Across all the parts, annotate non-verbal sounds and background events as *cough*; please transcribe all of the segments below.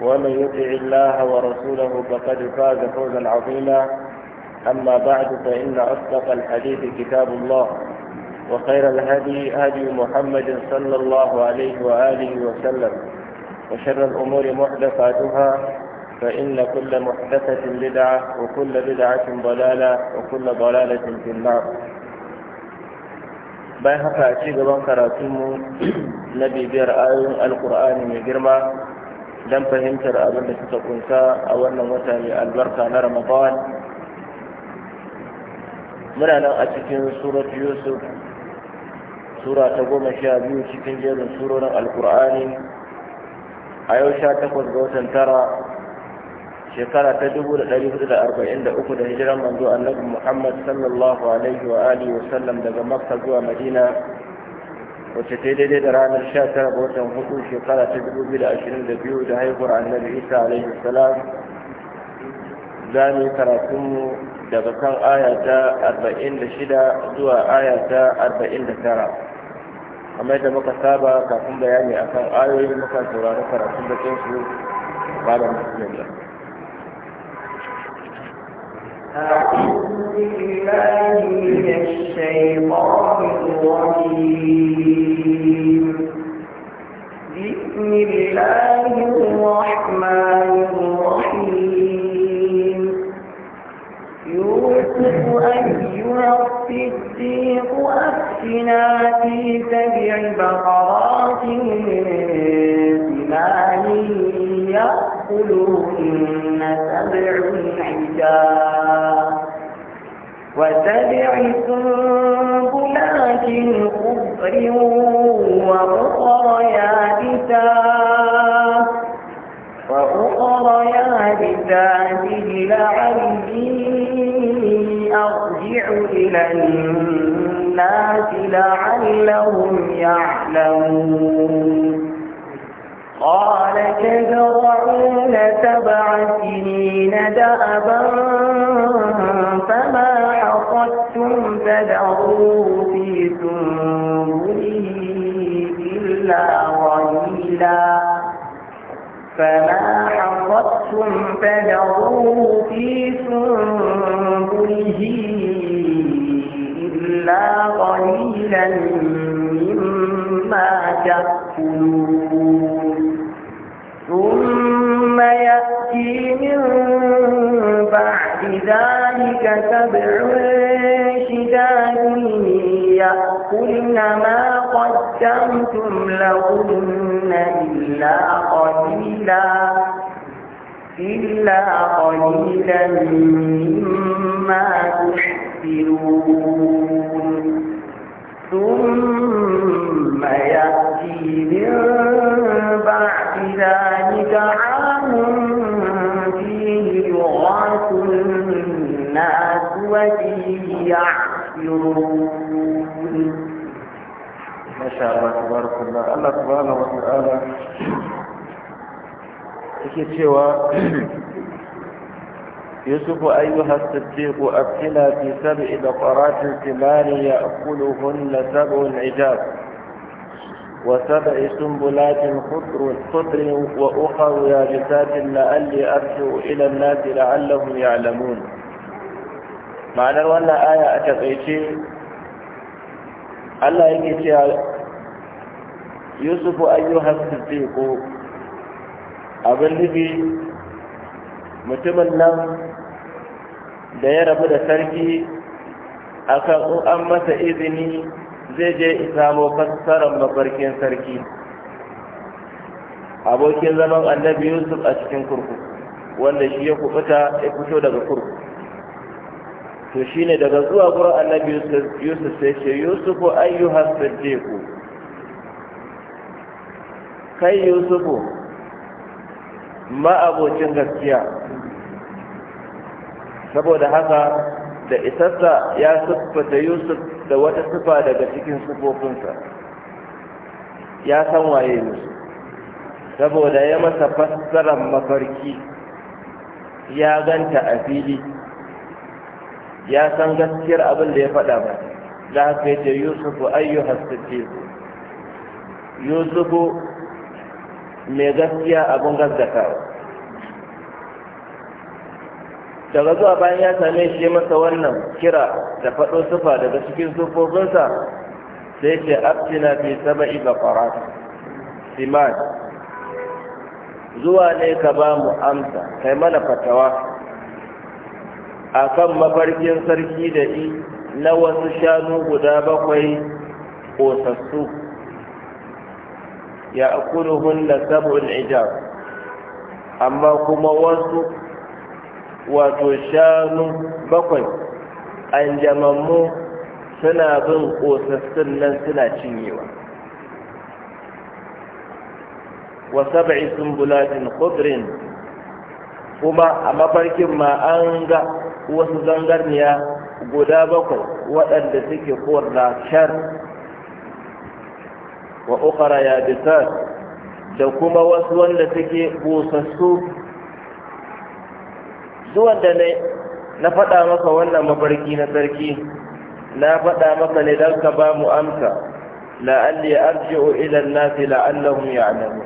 ومن يطع الله ورسوله فقد فاز فوزا عظيما أما بعد فإن أصدق الحديث كتاب الله وخير الهدي هدي محمد صلى الله عليه وآله وسلم وشر الأمور محدثاتها فإن كل محدثة بدعة وكل بدعة ضلالة وكل ضلالة في النار باي haka ci gaban نبي بير bibiyar ayoyin alkur'ani mai don fahimtar abin da suka kunsa a wannan wata mai albarka na ramadan muna nan a cikin surat yusuf sura ta goma sha biyu cikin jerin surorin alkur'ani a yau sha takwas ga watan tara shekara ta dubu da ɗari hudu da arba'in da uku da hijiran manzo annabi muhammad sallallahu alaihi wa alihi wa daga makka zuwa madina wacce ta daidai da ranar 19 ga watan hudu shekara ta 2022 da haihuwar annabi isa alaihi salam za mu yi karatunmu daga kan aya ta 46 zuwa aya ta 49 amma yadda muka saba kafin bayani akan ayoyi muka saurari karatun da kinsu malam musulmi أعوذ بالله من الشيطان الرجيم بسم الله الرحمن الرحيم يوسف أيها الصديق أفتنا في سبع بقرات سمان يأكلهن سبع عجاب وسبع سنبلات خضر وأخر يابسات وأخر يابسات لعلي أرجع إلى الناس لعلهم يعلمون قال تزرعون سبع سنين دأبا فما حصدتم فذروه في سنبله إلا قليلا فما حصدتم فذروه في سنبله قليلا مما تأكلون ثم يأتي من بعد ذلك سبع شداد يأكلن ما قدمتم لهن إلا قليلا إلا قليلا مما تحسنون ثم يأتي من بعد ذلك عام فيه يغاث الناس وفيه يعصرون ما شاء الله تبارك الله الله سبحانه وتعالى yake cewa *clears throat* يوسف أيها الصديق أبتنا في سبع بقرات ثمان يأكلهن سبع عجاب وسبع سنبلات خضر خضر وأخر يابسات لعلي أرجو إلى الناس لعلهم يعلمون معنى ولا آية أتقيتي الله يكي يوسف أيها الصديق abin nufi mutumin nan da ya rabu da sarki akan kan an masa izini zai je samo fassarar mafarkin sarki abokin zaman annabi yusuf a cikin kurkuku wanda shi ya kubuta ya fito daga kurkuku to shi ne daga zuwa gura annabi yusuf sai ce yusufu ayyuhas ku. kai yusufu ma'abocin gaskiya saboda haka da isassa ya siffata yusuf da wata sifa daga cikin siffofinsa ya san waye yusuf saboda ya masa fassarar mafarki ya ganta a fili ya san gaskiyar abin da ya faɗa ba da Yusuf yace yusufu ayyuhar yusufu mai gaskiya abin gaskatawa daga zuwa bayan ya same shi masa wannan kira da faɗo sufa daga cikin sufofinsa sai ce abtina fi saba'i baqarat siman zuwa ne ka ba mu amsa kai mana fatawa A kan mafarkin sarki da i na wasu shanu guda bakwai ƙosassu ya hunna sab'ul ijab amma kuma wasu wato shanu bakwai an jamammu suna bin ƙosassun nan suna cinyewa wa sab'i sumbulatin khudrin kuma a mafarkin ma an ga wasu zangarniya guda bakwai waɗanda suke korna shar wa ukara ya bisat da kuma wasu wanda suke busassu Zuwa da na faɗa maka wannan mafarki na sarki na faɗa maka ne don ka ba mu amsa la'alli arji'u ila nasi ya ya'lamu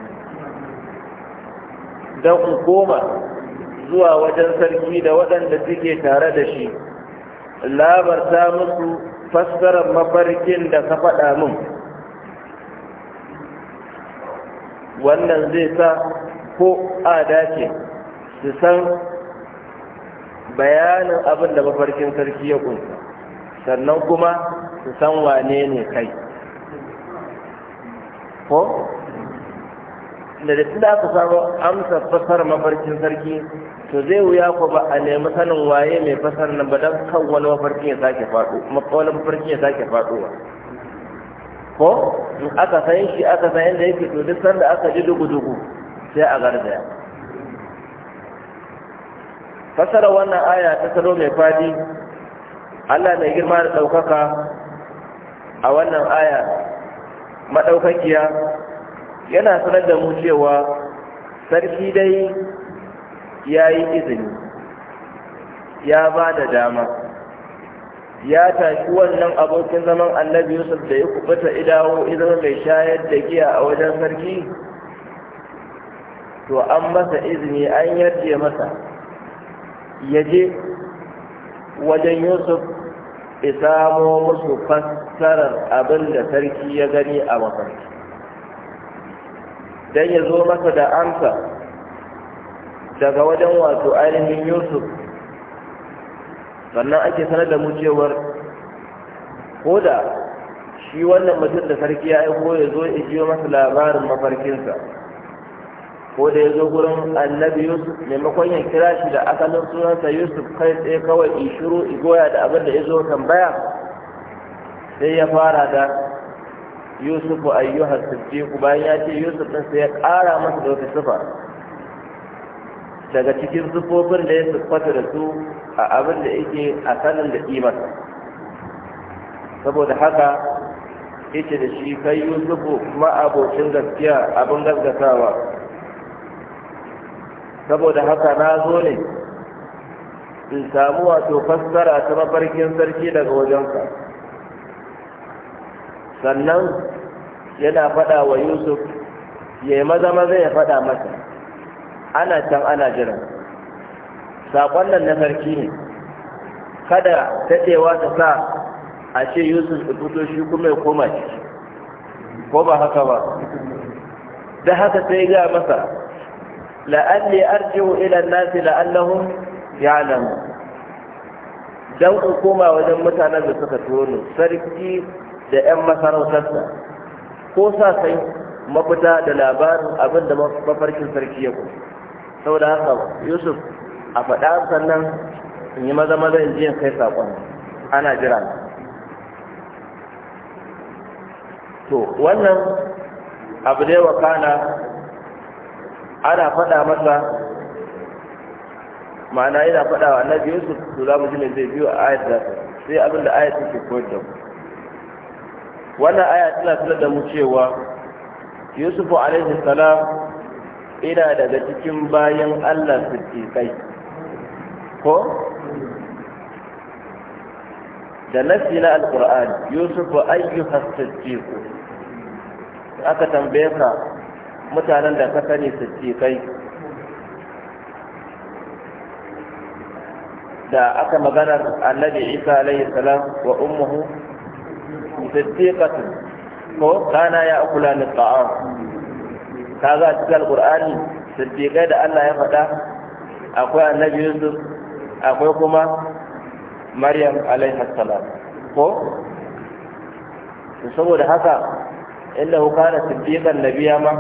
don ku koma zuwa wajen sarki da waɗanda suke tare da shi labarta musu fassarar mafarkin da ka faɗa min wannan zai sa ko a dace su san bayanin abin da mafarkin sarki ya kunsa sannan kuma su san wane ne kai ko da da tunda aka samu amsa fasar mafarkin sarki to zai wuya ko ba a nemi sanin waye mai fasar nan ba don kan wani mafarkin ya sake faɗo wani mafarkin ya sake faɗowa ko in aka san shi aka san inda yake to duk sanda aka ji dugu-dugu sai a garzaya fasara wannan aya ta salo mai fadi Allah mai girma da ɗaukaka a wannan aya maɗaukakiya yana sanar da mu cewa sarki dai ya yi izini ya ba da dama ya tashi wannan abokin zaman annabi yusuf da ya kubuta idawo idan mai shayar da giya a wajen sarki to an masa izini an yarje masa ya je wajen yusuf isamo musu fassarar abin da sarki ya gani a mafarki don ya zo masa da amsa daga wajen wato ainihin yusuf sannan ake sanar da mu cewar ko da shi wannan mutum da sarki ya aiko ya zo ya jiyo masa labarin mafarkinsa ko da ya zo gurin annabi yusuf maimakon ya kira shi da asalin sunansa yusuf kai tsaye kawai in shiru in goya da abin da ya zo tambaya sai ya fara da yusuf ayyuhar siddiqu bayan ya ce yusuf ɗin sai ya ƙara masa da wata sifa daga cikin zufofin da ya siffata da su a abin da yake a sanin da kimar saboda haka yake da shi kai yusufu ma'abocin gaskiya abin gaskatawa saboda haka na zo ne in samu wato fassara ta mafarkin sarki daga wajenka sannan yana faɗa wa yusuf ya yi maza maza ya faɗa masa ana can ana jiran saƙon nan na sarki ne kada daɗewa ta sa a ce yusuf ya fito shi kuma ya koma shi, ko ba haka ba da haka sai ga masa la'alli arji'u ila nasi ya ya'lamu dan ku koma wajen mutanen da suka tono sarki da 'yan masarautarsa ko sa sai mafita da labarin abinda mafarkin sarki ya kuma saboda haka yusuf a faɗa sannan in yi maza maza in ji kai saƙon ana jira to wannan abu da yawa kana ana faɗa masa ma'ana yana faɗa wa annabi yusuf to za mu ji ne zai biyo a ayat da sai abin da ayat ke koyar da mu wannan aya tana sanar da mu cewa yusuf alaihi salam ina daga cikin bayan Allah su kai ko da nafi na alƙur'ani yusuf wa ayyuka siddiqu aka tambaye ka mutanen da ka sani kai da aka magana annabi isa alaihi salam wa ummuhu siddiqatun ko kana ya akula ni ta'am kaga a cikin alqur'ani siddiqai da Allah ya faɗa akwai annabi Yusuf akwai kuma Maryam alaiha salam ko saboda haka inda kana siddiqan nabiya ma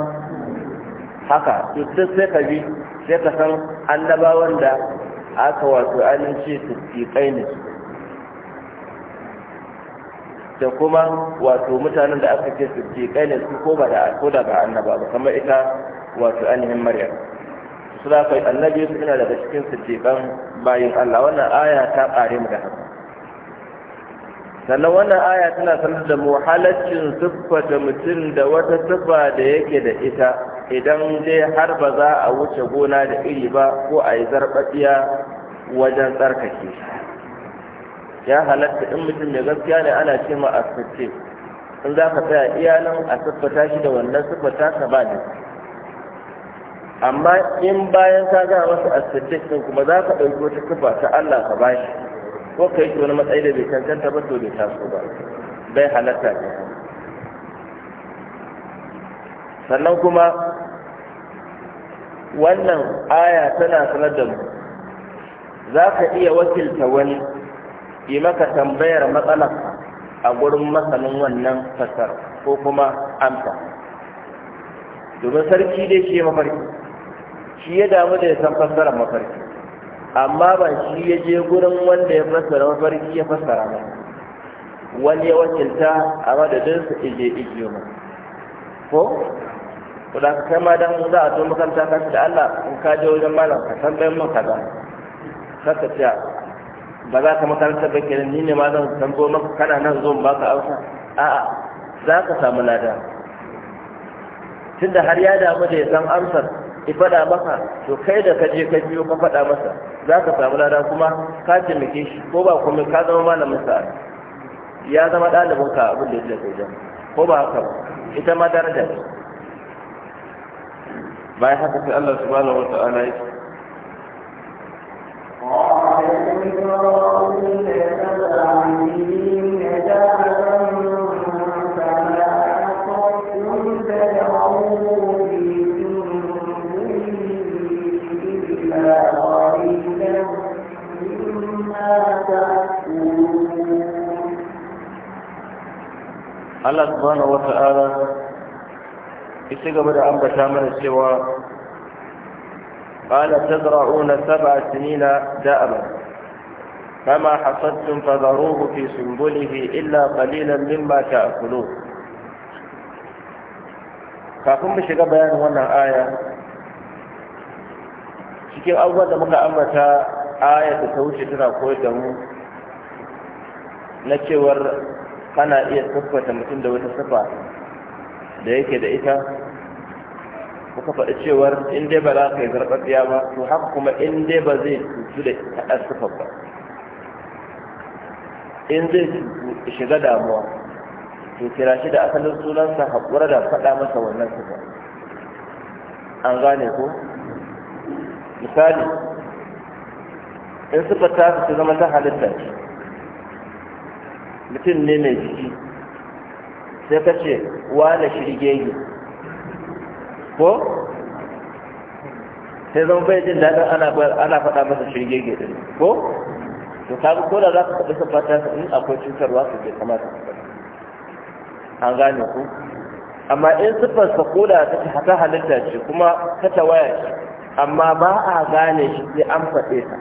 haka to sai ka bi sai ka san annabawan da aka wato aminci siddiqai ne da kuma wato mutanen da aka ce kai ne su ko ba da ko da ba annaba ba kamar ita wato ainihin maryam su da kai annabi su ina daga cikin su kan bayin Allah wannan aya ta ƙare mu da haka sannan wannan aya tana sanar da mu halaccin siffata mutum da wata siffa da yake da ita idan dai har ba za a wuce gona da iri ba ko a yi zarɓaɓiya wajen tsarkake shi ya halatta in mutum mai gaskiya ne ana ce ma asirce in za ka tsaya iyalan a siffata shi da wannan siffata ka ba da amma in bayan ka gaya masa asirce ɗin kuma za ka ɗauki wata siffa ta Allah ka ba shi ko ka yi wani matsayi da bai cancanta ba to bai taso ba bai halatta ne sannan kuma wannan aya tana sanar da mu za ka iya wakilta wani yi maka tambayar matsalar a gurin masanin wannan fasar ko kuma amsa domin sarki dai shi mafarki shi ya damu da ya san fassarar mafarki amma ba shi ya je gurin wanda ya fassara mafarki ya fassara ba wani ya wakilta a su ije ijiyo ma ko kuda kai ma dan za a zo makaranta shi da Allah in ka je wajen malam ka bayan mun kaza kaka ce ba za ka makaranta ba kenan ni ne ma zan tambo maka kana nan zo ba ka a a'a za ka samu lada tunda har ya damu da ya san amsar ki faɗa maka to kai da ka je ka biyo ka faɗa masa za ka samu lada kuma ka taimake shi ko ba kuma ka zama malamin sa ya zama ɗalibin ka abin da ya ce ko ba haka ita ma daraja bayan haka sai Allah subhanahu wa ta'ala ya Allah subhanahu wata'ala ya ci gaba da ambata mana cewa قال تزرعون سبع سنين دأبا فما حصدتم فذروه في سنبله إلا قليلا مما تأكلون kafin mu shiga bayanin wannan aya cikin abubuwan da muka ambata aya da ta wuce tana koyar da mu na cewar kana iya tabbata mutum da wata sifa da yake da ita kuka faɗi cewar in dai ba za ka yi zarɓaɗiya ba to haka kuma in dai ba zai cutu da haɗa sufar ba in zai cutu shiga damuwa to kira shi da asalin sunansa haƙura da faɗa masa wannan sufar an gane ko misali in sufar ta su zama ta halitta ce mutum ne mai jiki sai ka ce wane shirgege ko sai zama bai jin daɗin ana faɗa masa shirge gida ko to ta ko da za ka taɓa sabata su in akwai cutarwa su ke kamata su faɗa an gane ku amma in siffar sa ko da ta hata halitta ce kuma ta tawaya ce amma ba a gane shi sai an faɗe ta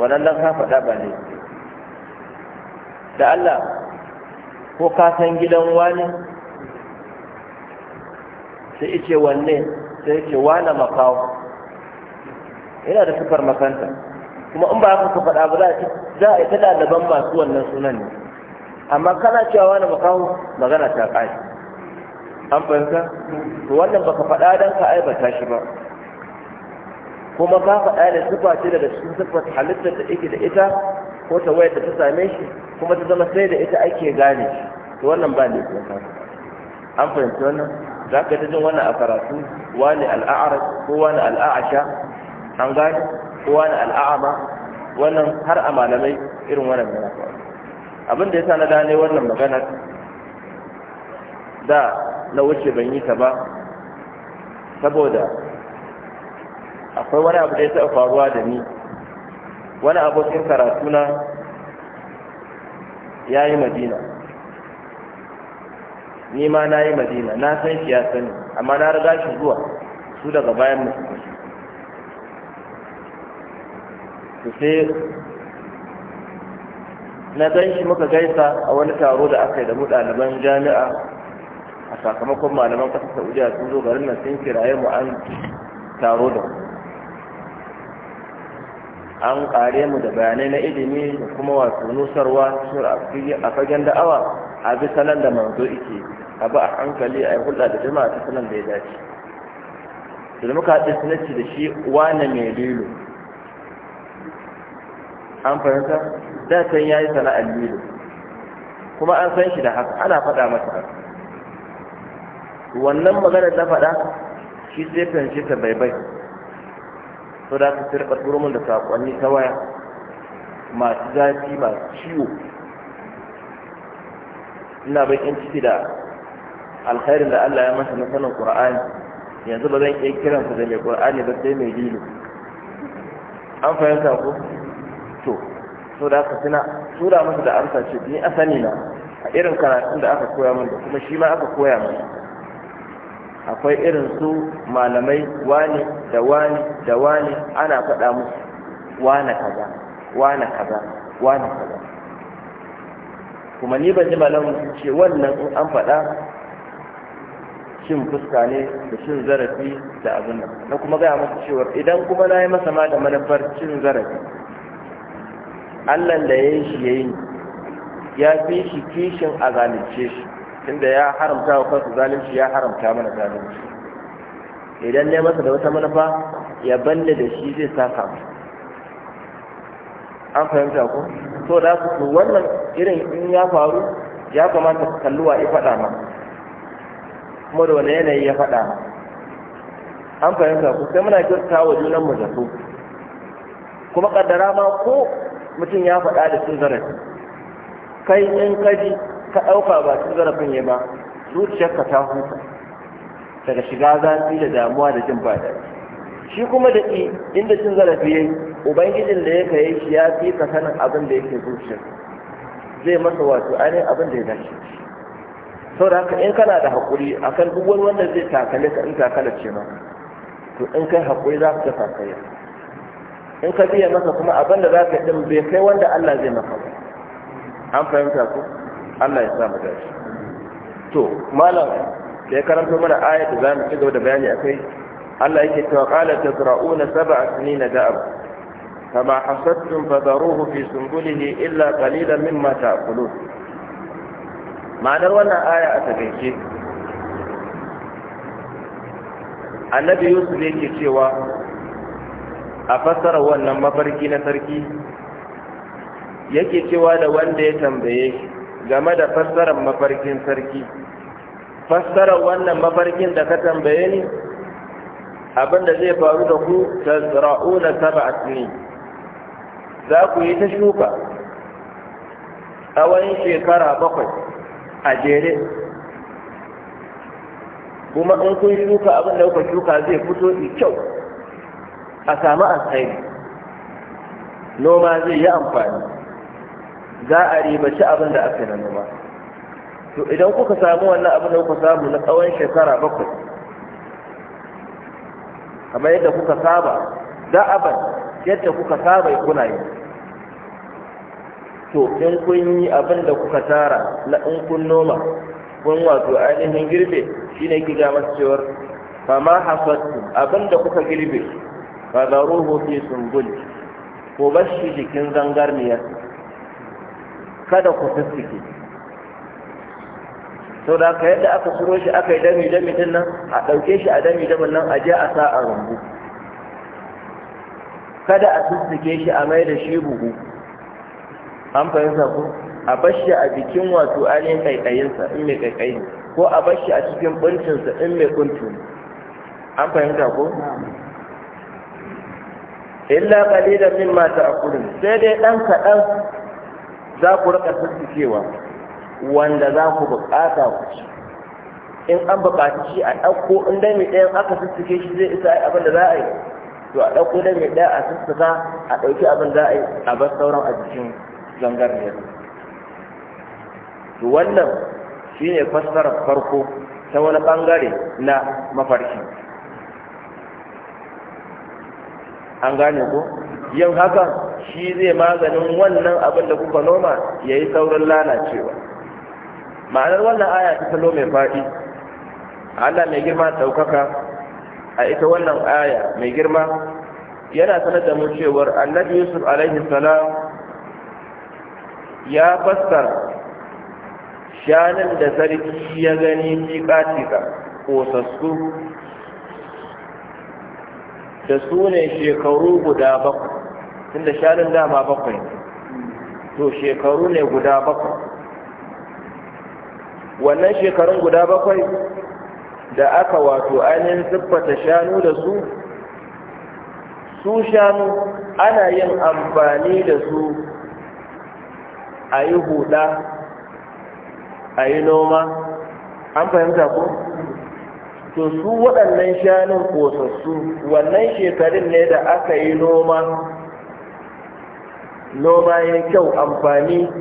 wannan nan ka faɗa ba ne da Allah ko ka san gidan wani sai ice wanne sai ce wane makawo yana da sufar makanta kuma in ba haka ka faɗa ba za a yi ta ɗaliban masu wannan sunan ne amma kana cewa wane makawo magana ta ƙari an fahimta to wannan baka faɗa don ka aibata shi ba kuma ka faɗa da sufa ce daga cikin sufar halittar da ake da ita ko ta wayar da ta same shi kuma ta zama sai da ita ake gane shi to wannan ba ne an fahimci wannan za ka ta jin wani a karatu wani al'a'arar ko wani al'a'asha an gane ko wani al'a'ama wannan har a malamai irin wannan magana abin da ya sa na gane wannan maganar da na wuce ban yi ta ba saboda akwai wani abu da ya taɓa faruwa da ni wani abokin karatuna ya yi madina ni ma na yi madina na san shi ya sani amma na riga shi zuwa su daga bayan mu su sai na gan shi muka gaisa a wani taro da aka yi da mu ɗaliban jami'a a sakamakon malaman ƙasar saudiya sun zo garin nan sun kiraye mu an taro da an ƙare mu da bayanai na ilimi da kuma wasu nusarwa a fagen da'awa a bi salon da manzo ike a ba a hankali a yi hulɗa da jama'a ta salon da ya dace da muka haɗe sunaci da shi wane mai lilo an fahimta da san ya yi sana'ar lilo kuma an san shi da haka ana faɗa masa wannan maganar ta faɗa shi sai fahimci ta bai-bai. so da ta sirka turo da saƙonni ta waya masu zafi masu ciwo ina bakin ciki da alkhairin da Allah ya masa na sanin Qur'ani yanzu ba zan iya kiran ku da mai Qur'ani ba sai mai dini an fahimta ku to so da aka tuna tura musu da amsa ce ni a sani na a irin karatun da aka koya min da kuma shi ma aka koya min akwai irin su malamai wani da wani da wani ana faɗa musu wane kaza wane kaza wane kaza kuma ni ban ji malamin sun ce wannan in an faɗa shin fuska ne da cin zarafi da abin nan na kuma gaya masa cewa idan kuma na yi masa ma da manufar cin zarafi allan da ya yi shi ya yi ya fi shi kishin a zalunce shi tunda ya haramta wa kansu zalunci ya haramta mana zalunci idan ne masa da wata manufa ya balle da shi zai saka mu an fahimta ko to da su wannan irin in ya faru ya kamata ka kalli ya faɗa ma kuma da wani yanayi ya faɗa ma an fahimta ko sai muna kyauta wa junan mu zato kuma kaddara ma ko mutum ya faɗa da cin zarafi kai in kaji ka ɗauka ba cin zarafin ya ba zuciyarka ta huta daga shiga zafi da damuwa da jin ba shi kuma da inda cin zarafi ya yi ubangijin da ya yi shi ya fi ka sanin abin da yake zuciya zai masa wato ainihin abin da ya dace sau da haka in kana da haƙuri akan duk wani wanda zai takale ka in takala ce maka to in kai haƙuri za ka ta takaya in ka biya masa kuma abin da za ka ɗin bai kai wanda Allah zai maka ba an fahimta ku Allah ya samu dace to malam da ya karanta mana ayat da za mu ci gaba da bayani akai Allah yake cewa qala tazra'una sab'a sinina da'ab kama hasattun fadaruhu fi sumbulihi illa qalilan mimma ta'kulun ma'anar wannan aya a takaice annabi yusuf ne ke cewa a fassara wannan mafarki na sarki yake cewa da wanda ya tambaye game da fassara mafarkin sarki Fassara wannan mafarkin da ka tambaye ni abinda zai faru da ku ta zira'una saba ne za ku yi ta shuka a wani shekara bakwai a jere kuma in kun shuka abin da kuka shuka zai fito da kyau a samu alkhairi noma zai yi amfani za a ribaci abin da aka yi na noma to idan kuka samu wannan abin da kuka samu na tsawon shekara bakwai kamar yadda kuka saba za a yadda kuka saba kuna yi to in kun yi abin da kuka tara na in kun noma kun wato ainihin girbe shine ki ga masu cewar ma hasattu abin da kuka girbe fa ruhu fi sunbul ko bashi jikin zangarniyar kada ku fiske sau da ka yadda aka suro shi aka yi dami dami din nan a ɗauke shi a dami dami nan a je a sa a rumbu kada a sussuke shi a mai da shi buhu an fahimta ko a bashi a jikin wato ainihin kaikayinsa in mai kaikayi ko a bashi a cikin buncinsa in mai kuntu an fahimta ko illa qalilan a ta'kulun sai dai dan kadan za ku rika sussukewa wanda za ku bukata ku ci in an buƙaci shi a ɗauko in dai mai ɗayan aka sussuke shi zai isa abin da za a yi to a ɗauko da mai ɗaya a sassaka a ɗauki abin za a yi a bar sauran a jikin zangarniyar to wannan shine fassarar farko ta wani ɓangare na mafarki an gane ko yin haka shi zai maganin wannan abin da kuka noma ya yi saurin lalacewa ma'anar wannan aya ta salo mai faɗi allah mai girma ɗaukaka a ita wannan aya mai girma yana sanar da mu cewar annabi yusuf alaihi salam ya fassara shanin da sarki ya gani tiƙa-tiƙa ƙosassu da su ne shekaru guda bakwai tunda shanin dama bakwai to shekaru ne guda bakwai wannan shekarun guda bakwai da aka wato ainihin siffata shanu da su su shanu ana yin amfani da su a yi huda a yi noma an fahimta ko to su waɗannan shanun kosassu wannan shekarun ne da aka yi noma noma ya kyau amfani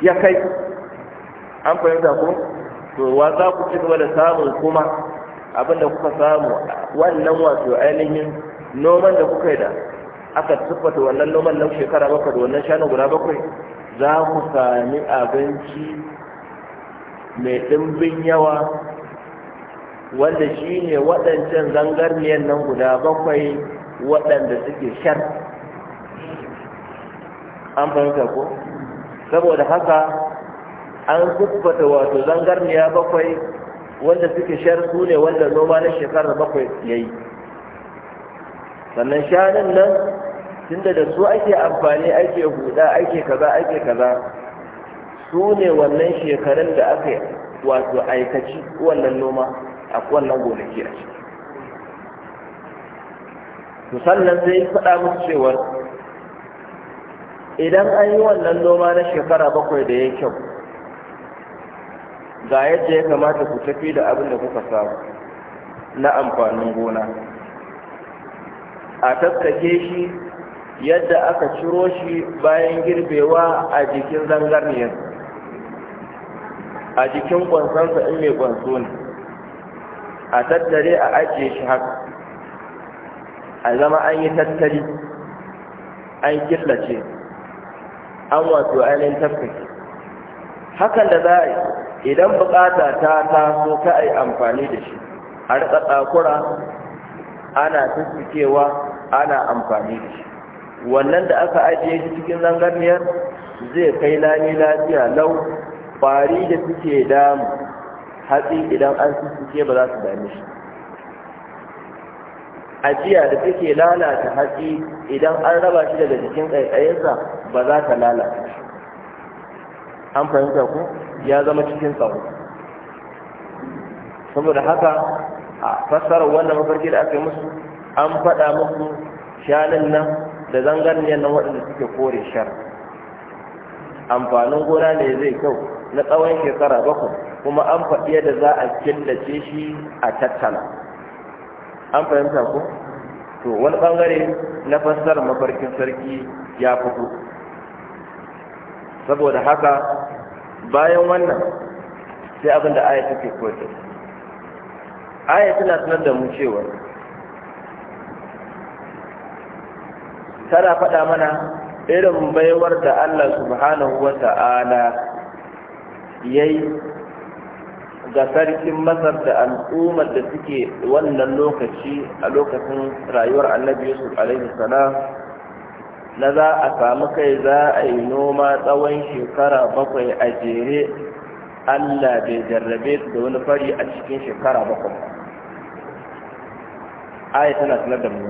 ya kai an fahimta ko to wa za ku ci gaba da samun kuma abin da kuka samu wannan wato ainihin noman da kuka yi da aka tuffata wannan noman na shekara bakwai da wannan shanu guda bakwai za ku sami abinci mai ɗimbin yawa wanda shi ne waɗancan zangarniyar nan guda bakwai waɗanda suke shar an fahimta ko saboda haka an kubbata wato zangarniya bakwai wanda suke shar su ne wanda noma na shekarar bakwai ya yi sannan shanun nan tunda da su ake amfani ake huda ake kaza ake kaza su ne wannan shekarun da aka wato aikaci wannan noma a wannan gonaki a ciki to zai sai faɗa musu cewar idan an yi wannan noma na shekara bakwai da ya kyau ga yadda ya kamata ku tafi da abin da kuka samu na amfanin gona a tattake shi yadda aka ciro shi bayan girbewa a jikin zangarniyar a jikin kwansansa in mai kwanso ne a tattare a ajiye shi haka a zama an yi tattari an killace an wato ainihin tafka. hakan da za a yi idan bukata ta taso ka ai amfani da shi a rika tsakura ana tsikewa ana amfani da shi wannan da aka ajiye shi cikin zangarniyar zai kai lami lafiya lau kwari da suke damu hatsi idan an suke ba za su dame shi ajiya da take lalata hatsi idan an raba shi daga jikin ƙaiƙayinsa ba za ta lalata shi an fahimta ku ya zama cikin tsaro saboda haka a fassarar wannan mafarki da aka yi musu an faɗa musu shanun nan da zangarniyar nan waɗanda suke kore shar amfanin gona ne zai kyau na tsawon shekara bakwai kuma an faɗi yadda za a killace shi a tattala an fahimta ku to wani ɓangare na fassarar mafarkin sarki ya fito saboda haka bayan wannan sai abin da aya take koyar aya tana sanar da mu cewa tana faɗa mana irin baiwar da Allah subhanahu wa ta'ala yayi ga sarkin masar da al'ummar da suke wannan lokaci a lokacin rayuwar annabi yusuf alaihi salam na za a samu kai za a yi noma tsawon shekara bakwai a jere allah bai jarrabe da wani fari a cikin shekara bakwai aya tana sanar da mu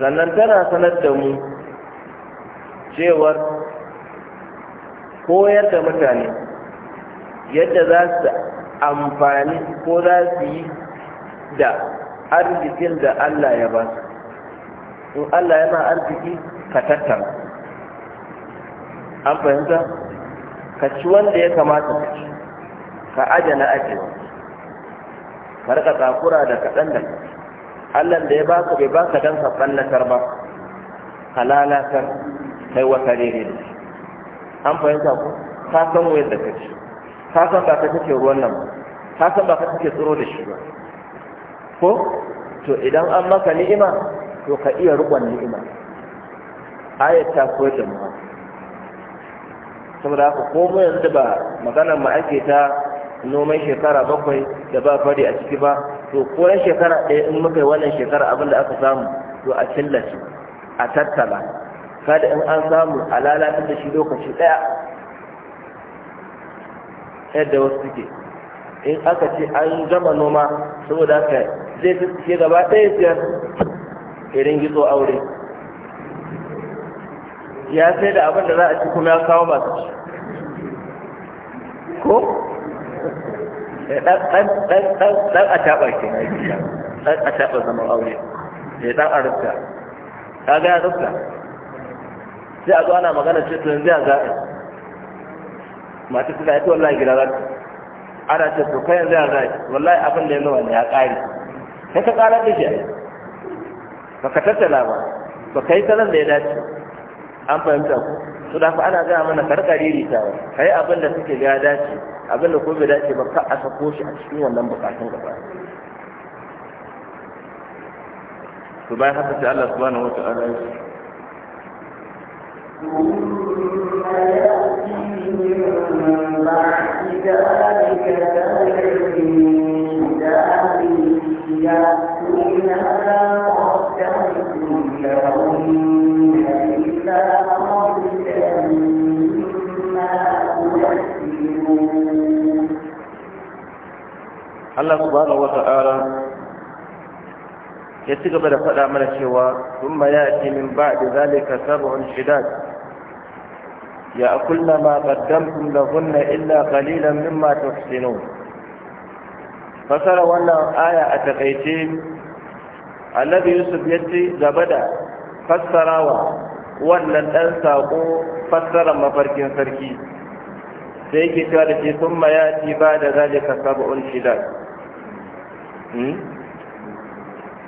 sannan tana sanar da mu cewar koyar da mutane yadda za su amfani ko za su yi da arzikin da allah ya ba su in Allah yana arziki ka tattara an fahimta ka ci wanda ya kamata ka ci ka aje na ajewa ka rika takura da kaɗan da Allah da ya baka bai ka don ka tsallatar ba ka lalatar kai wata rere an fahimta ko ka san wayar da ka ci ka san ba ka kake ruwan nan ba ka san ba ka kake tsoro da shi ba ko to idan an maka ni'ima to ka iya rukun ni'ima ayata ta koyar da mu saboda haka ko mu yanzu ba maganar ma ake ta noman shekara bakwai da ba fari a ciki ba to ko ran shekara ɗaya in muka yi wannan shekara abin da aka samu to a killace a tattala kada in an samu a lalata da shi lokaci ɗaya yadda wasu suke in aka ce an gama noma saboda haka zai fi gaba ɗaya siyar irin gizo aure ya sai da abin da za a ci kuma ya kawo masu ci ko ɗan eh, a taɓa ke na yi ɗan a taɓa zaman aure ya eh, ɗan a rufta ta ga ya rufta sai a zo ana magana ce to yanzu ya za'a mata suna yi ce wallahi gida za ta ana ce to kai yanzu ya zai wallahi abin da ya zama ya ƙari sai ka ƙarar da shi baka tattala ba ba kai salon da ya dace an fahimta ku su da ana gaya mana ta Ka kai abin da suke ga dace abin da ko bai dace ba ka a koshi shi a cikin wannan bukatun gaba to bai haka sai Allah subhanahu wa ta'ala ya ce ذلك ذلك Allah subhanahu wa ta'ala ya ci gaba da faɗa mana cewa sun ya ake min ba da zalika sabon shidad ya akulna ma da hunna illa qalilan mimma tuhsinun fasara wannan aya a Allah da yusuf ya ci gaba da fassarawa wannan ɗan saƙo fassarar mafarkin sarki sai yake cewa da ke sun ya ci ba da saba un shida, hmm?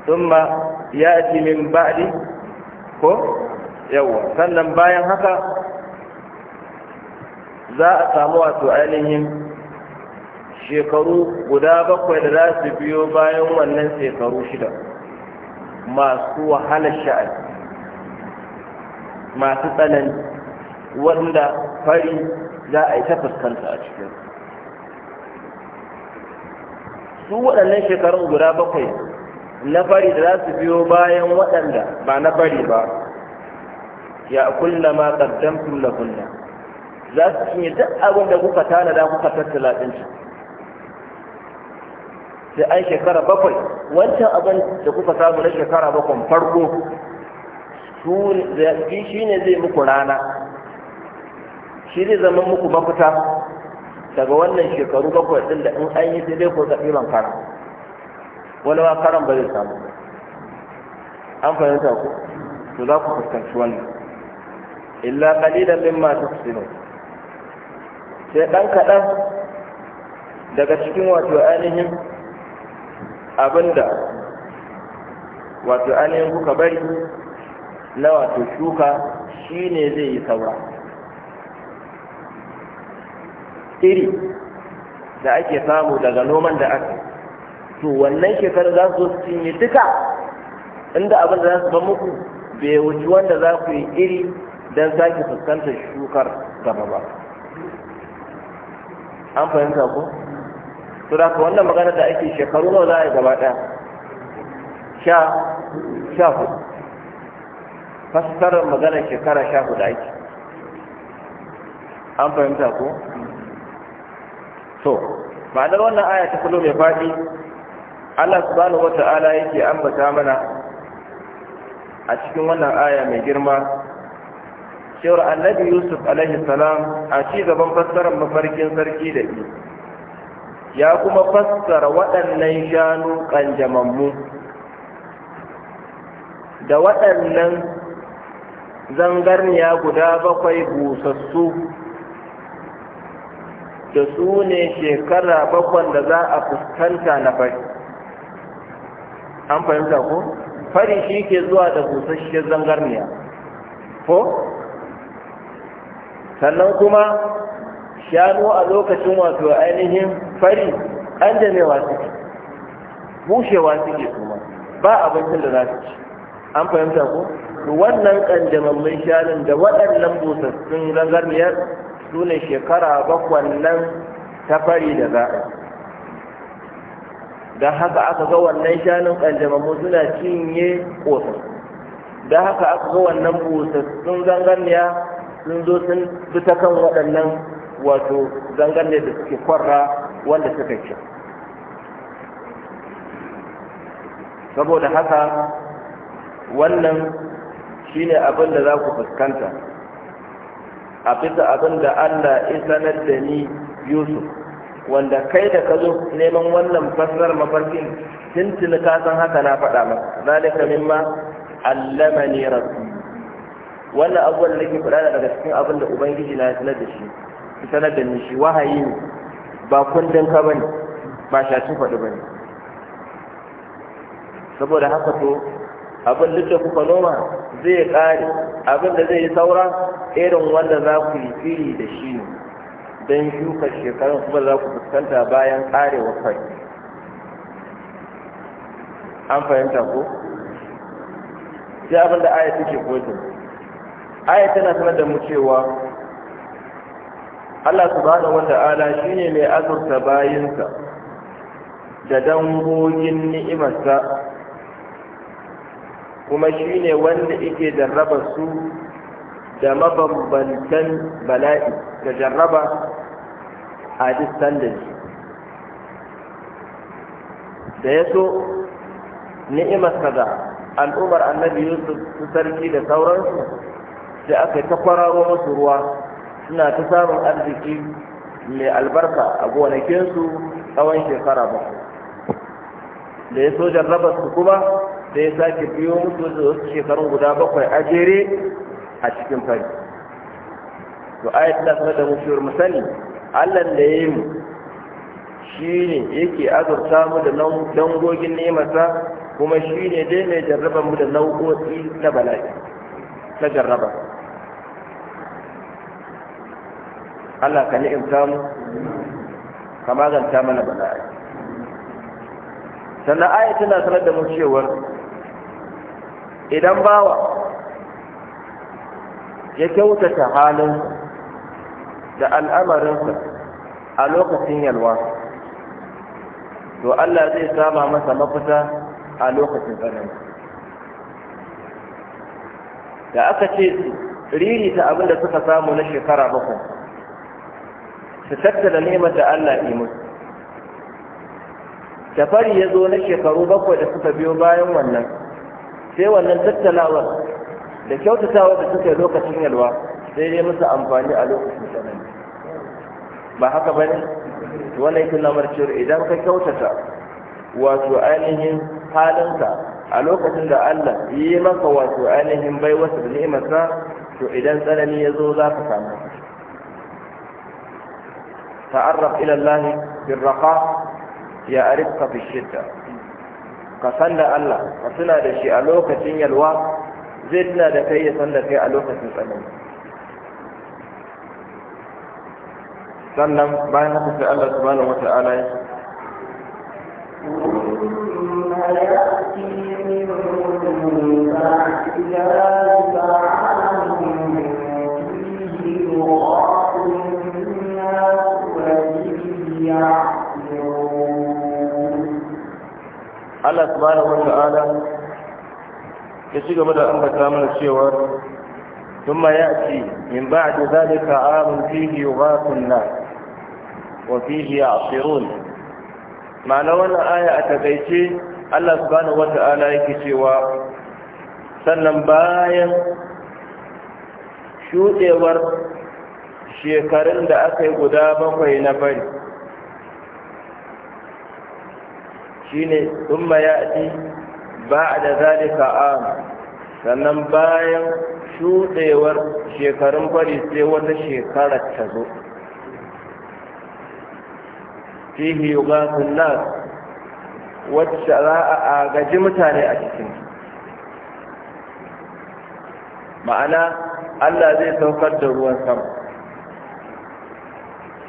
sun ya ci min baɗi ko yawa sannan bayan haka za a samu wato ainihin shekaru guda bakwai da za su biyo bayan wannan shekaru shida masu wahalar sha'ani masu tsanani wanda fari za a yi ta fuskanta a cikin su waɗannan shekarun guda bakwai na fari da za su biyo bayan waɗanda ba na fari ba ya kulla ma ƙarfin kulla kulla za su cinye duk abin da kuka tanada kuka tattala ɗin sai an shekara bakwai wancan abin da kuka samu na shekara bakwai farko shi ne zai muku rana shi zai zama muku mafita daga wannan shekaru bakwai ɗin da in an yi sai ko zaɓi ban fara wani ma karan ba zai samu an fahimta ku to za ku fuskanci wannan illa qalilan mimma tafsilun sai ɗan kaɗan daga cikin wato ainihin abinda wato ainihin kuka bari na wato shuka shine zai yi saura iri da ake samu daga noman da aka to wannan shekarar za su cinye duka inda abin da za su ba muku bai wuce wanda za ku yi iri don sake fuskantar shukar gaba ba an fahimta ko? to da ka wannan magana da ake shekaru nawa za a yi gaba ɗaya sha sha hudu fassarar maganar shekara sha hudu ake an fahimta ko so ma'anar wannan aya ta kulo mai faɗi allah subhanahu wa ta'ala yake ambata mana a cikin wannan aya mai girma cewar annabi yusuf alaihi salam a ci gaban fassarar mafarkin sarki da ya kuma fassara waɗannan shanu ƙanjamammu da waɗannan zangarniya guda bakwai busassu da su ne shekara bakwan da za a fuskanta na fari an fahimta ko fari shi ke zuwa da busasshen zangarniya ko sannan kuma shanu a lokacin wato ainihin fari an jamewa suke bushewa suke kuma ba abincin da za su ci an fahimta ko to wannan kanjamammin shanun da waɗannan busassun zangarniyar su ne shekara bakwan nan ta fari da za a don haka aka ga wannan shanun kanjamammu suna cinye ƙosa don haka aka ga wannan busassun zangarniya sun zo sun fita kan waɗannan wato zangarniyar da suke kwarra wanda suka ci saboda haka wannan shine abin da za ku fuskanta a bisa abin da Allah ya sanar da ni Yusuf wanda kai da ka zo neman wannan fassarar mafarkin tuntuni ka san haka na faɗa maka zalika mimma allamani rabbi wannan abubuwan da nake faɗa daga cikin abin da ubangiji na sanar da shi sanar da ni shi wahayi ne ba kundin ka bane ba shaci faɗi bane saboda haka to abin duk da kuka noma zai ƙare abin da zai yi saura irin wanda za ku yi fili da shi ne don shuka shekarun kuma za ku fuskanta bayan ƙarewar kai. an fahimta ko sai abin da aya ke kotu aya tana sanar da mu cewa Allah subhanahu wa ta'ala shine mai azurta bayinsa da dangogin ni'imarsa kuma shi ne wanda yake jarraba su da mabambantan bala'i da jarraba a distan da shi da ya so ni'imar al'ummar annabi yusuf su sarki da sauransu sai aka ta kwararo musu ruwa suna ta samun arziki mai albarka a gonakinsu tsawon shekara ba da ya so jarrabar su kuma sai ya sake biyo musu da wasu shekarun guda bakwai a jere a cikin fari to ayat ta sanar da mu shiwar mu sani allah da ya yi mu shi ne yake azurta mu da dangogin nemarsa kuma shi ne dai mai jarraba mu da nau'o'i na bala'i na jarraba allah ka ni'imta mu ka maganta mana bala'i sannan aya tana sanar da mu cewar idan bawa ya kyautata halin da al'amarinsa a lokacin yalwa to Allah zai sama masa mafita a lokacin tsanani da aka ce riri ta abinda suka samu na shekara bakwai su tattala neman da Allah yi musu Tafari ya zo na shekaru bakwai da suka biyo bayan wannan sai wannan tattalawar da kyautatawar da suka yi lokacin yalwa sai dai musu amfani a lokacin tsanani ba haka ba ne wannan yake lamar cewar idan ka kyautata wato ainihin halinka a lokacin da Allah yi maka wato ainihin bai wasu da ni'imarsa to idan tsanani ya zo za ka samu ta'arraf ila Allah fi ya arifka fi shidda ka san da Allah ka tuna da shi a lokacin yalwa zai tuna da kai ya san da kai a lokacin tsanani sannan bayan haka sai Allah subhanahu wata'ala ya Yeah. Allah wata ala ya ci gaba da ambata mana cewa tun ma ya ce min ba a ce jaza da ka'arun fiye yi wa kunna wa fiye a tsirun ma'ana wannan aya a takaice Allah ala ya yake cewa sannan bayan shuɗewar shekarun da aka yi guda bakwai na bari shine thumma ya'ti ba'da zalika am sannan bayan shuɗewar shekarun fari sai wata shekarar ta zo fihi yughathun nas wacce za a gaji mutane a cikin ma'ana Allah zai saukar da ruwan sama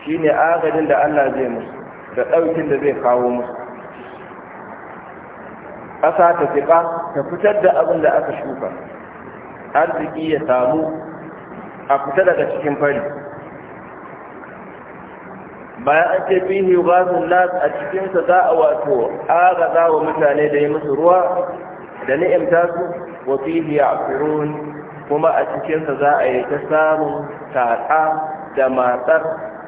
shine agadin da Allah zai musu da ɗaukin da zai kawo musu ƙasa ta fiƙa ta fitar da abin da aka shuka arziki ya samu a fita daga cikin fari bayan an ce fihi gazun nas a cikinsa za a wato agaza wa mutane da yi musu ruwa da ni'imta su wa fihi ya kuma a cikinsa za a yi ta samun tatsa da matsar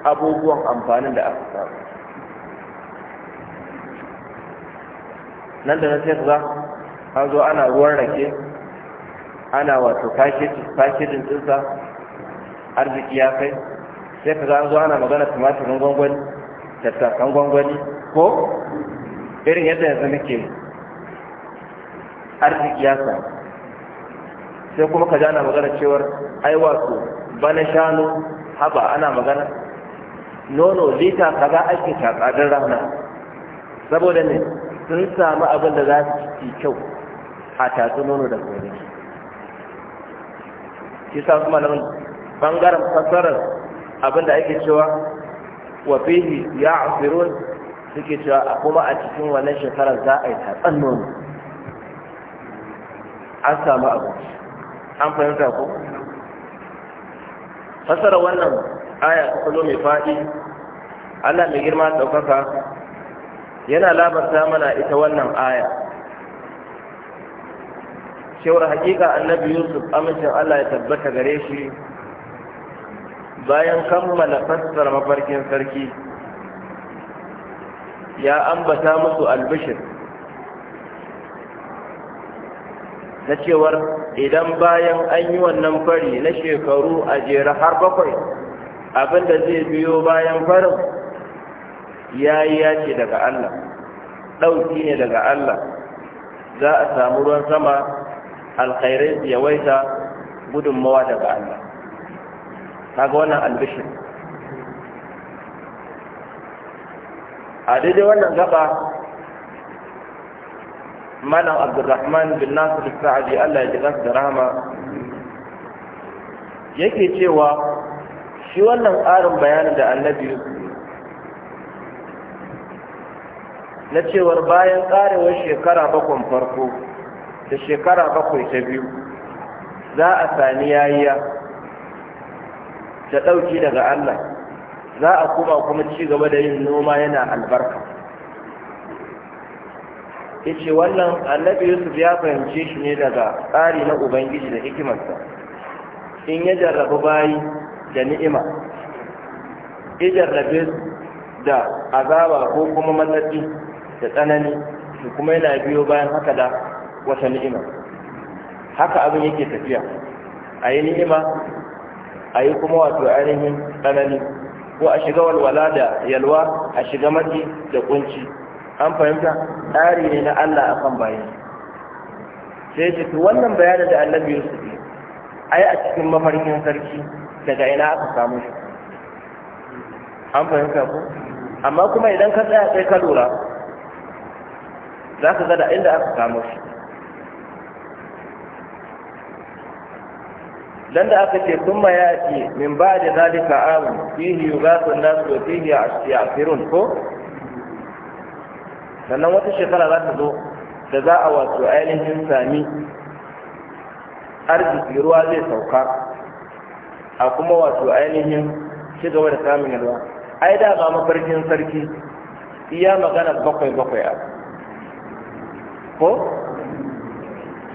abubuwan amfanin da aka samu nan da na ce za an zo ana ruwan rake ana wato fakejin tsinsa arziki ya kai sai ka za an zo ana magana tumatirin gwangwani tattakan gwangwani ko irin yadda yanzu muke arziki ya sa. sai kuma ka jana magana cewar aiwato bana shanu haba ana magana nono lita kaza ake tsadar rana saboda ne sun samu abin da za su ci kyau a tatsu nono da kore shi sa kuma nan bangaren fasarar abin da ake cewa wa fihi ya asirun suke cewa kuma a cikin wannan shekarar za a yi tatsan nono an samu abinci an fahimta ko fasarar wannan aya ta mai fadi, Allah mai girma ɗaukaka yana labarta mana ita wannan aya cewar hakika annabi yusuf amincin allah ya tabbata gare shi bayan kammala fassar mafarkin sarki ya ambata musu albishir na cewar idan bayan an yi wannan fari na shekaru a jera har bakwai abinda zai biyo bayan farin Ya yi yaki daga Allah ɗauki ne daga Allah za a samu ruwan sama alkhairai su yawaita gudunmawa daga Allah kaga wannan albishir a daidai wannan gaba malam abdurrahman bin nasir sa'adi Allah ya ji da rahama yake cewa shi wannan ƙarin bayanin da annabi na cewar bayan karewar shekara bakon farko da shekara bakwai ta biyu za a sami yayiya da ɗauki daga Allah za a kuma kuma ci gaba da yin noma yana albarka ce wannan annabi yusuf ya fahimce shi ne daga tsari na ubangiji da hikimarsa in ya jarrabu bayi da ni'ima ya jarrabe da azaba ko kuma matsatsi da tsanani su kuma yana biyo bayan haka da wata ni'ima haka abin yake tafiya a yi ni'ima a yi kuma wato ainihin tsanani ko a shiga walwala da yalwa a shiga mati da kunci an fahimta tsari ne na Allah a kan bayan sai ce wannan bayanin da annabi Yusuf ai a cikin mafarkin sarki daga ina aka samu shi an fahimta ko amma kuma idan ka tsaya sai ka lura za ka gada inda aka samu shi dan da aka ce kuma ya ce min ba da zalika amin fihi yugasu nasu wa fihi ya'firun ko sannan wata shekara za ta zo da za a wato ainihin sami arziki ruwa zai sauka a kuma wato ainihin ci gaba da samun ruwa ai da ba mafarkin sarki iya magana bakwai bakwai abu ko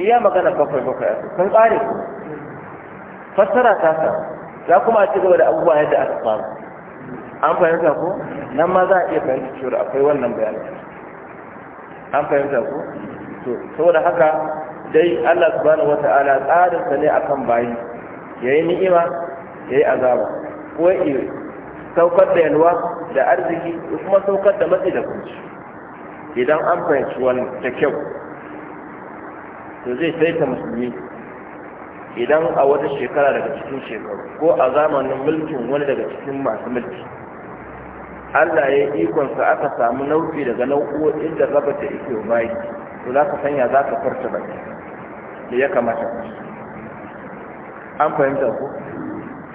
iya magana bakwai bakwai sun ƙare fassara ta sa ya kuma a ci gaba da abubuwa yadda aka samu an fahimta ko nan ma za a iya fahimta cewa akwai wannan bayanin an fahimta ko to saboda haka dai Allah subhanahu wata'ala tsarin sa ne akan bayi yayi ni'ima yayi azaba ko yi saukar da yalwa da arziki kuma saukar da matsi da kunci idan an fahimci wani ta kyau to zai saita musulmi idan a wata shekara daga cikin shekaru ko a zamanin mulkin wani daga cikin masu mulki Allah ya yi ikonsa aka samu nau'i daga nau'o'in da raba ta ike bayi to za ka sanya za ka farta baki da ya kamata an fahimta ku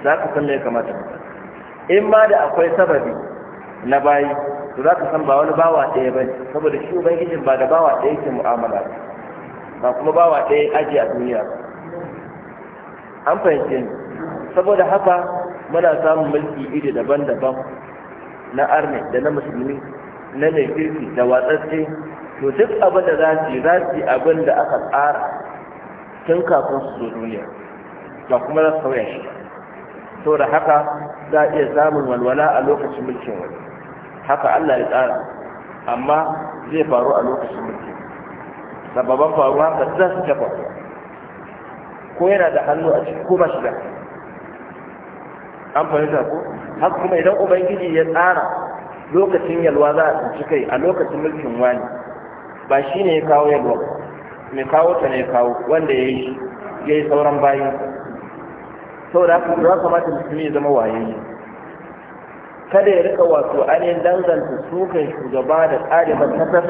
za ka san ya kamata in ma da akwai sababi na bayi to za ka san ba wani bawa ɗaya ba saboda shi ubangijin ba da bawa ɗaya ke mu'amala ba kuma bawa ɗaya aji a duniya an fahimce ni saboda haka muna samun mulki iri daban-daban na arne da na musulmi na mai kirki da watsatse to duk abin da za su yi za su yi abin da aka tsara tun kafin su zo duniya ba kuma za su sauya shi saboda haka za a iya samun walwala a lokacin mulkin wani haka Allah ya tsara amma zai faru a lokacin mutum sababan faruwa haka za su tafa ko yana da hannu a cikin ko ba shi da an fahimta ko haka kuma idan ubangiji ya tsara lokacin yalwa za a tsinci kai a lokacin mulkin wani ba shi ne ya kawo yalwa mai kawo ta ne ya kawo wanda ya yi sauran bayan saboda haka ya kamata musulmi ya zama waye kada ya rika wato ainihin danganta sukan shugaba da tsari matasar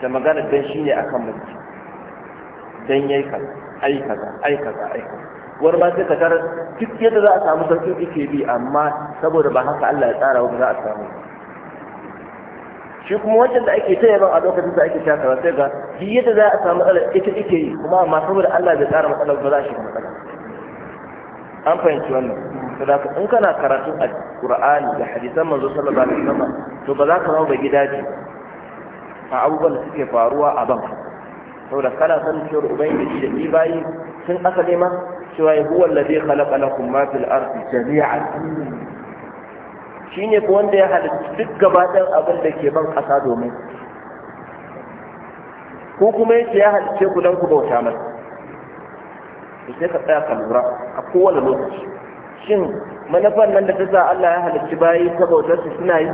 da magana don shi ne akan mulki don ya yi kaza ai kaza ai kaza ai kaza wani ma sai kasar duk yadda za a samu sarki ke bi amma saboda ba haka Allah ya tsara ba za a samu shi kuma wancan da ake ta yaban a lokacin da ake shaka sai ga duk yadda za a samu matsalar ita ike yi kuma amma saboda Allah bai tsara matsalar ba za a shiga matsala an fahimci wannan saboda in kana karatun alqur'ani da hadisan manzo sallallahu alaihi wasallam to ba za ka zama ba gidaje a abubuwan da suke faruwa a banka saboda kana san cewa ubangiji da ibayi sun asali ma cewa huwa allazi khalaqa lakum ma fil ardi jami'an shine ko wanda ya halitta duk gaba abin da ke ban ƙasa domin ko kuma yake ya halice ku dan ku bauta masa sai ka tsaya ka lura a kowane lokaci shin manufar nan da ta sa Allah ya halarci bayi ta bautar su suna yi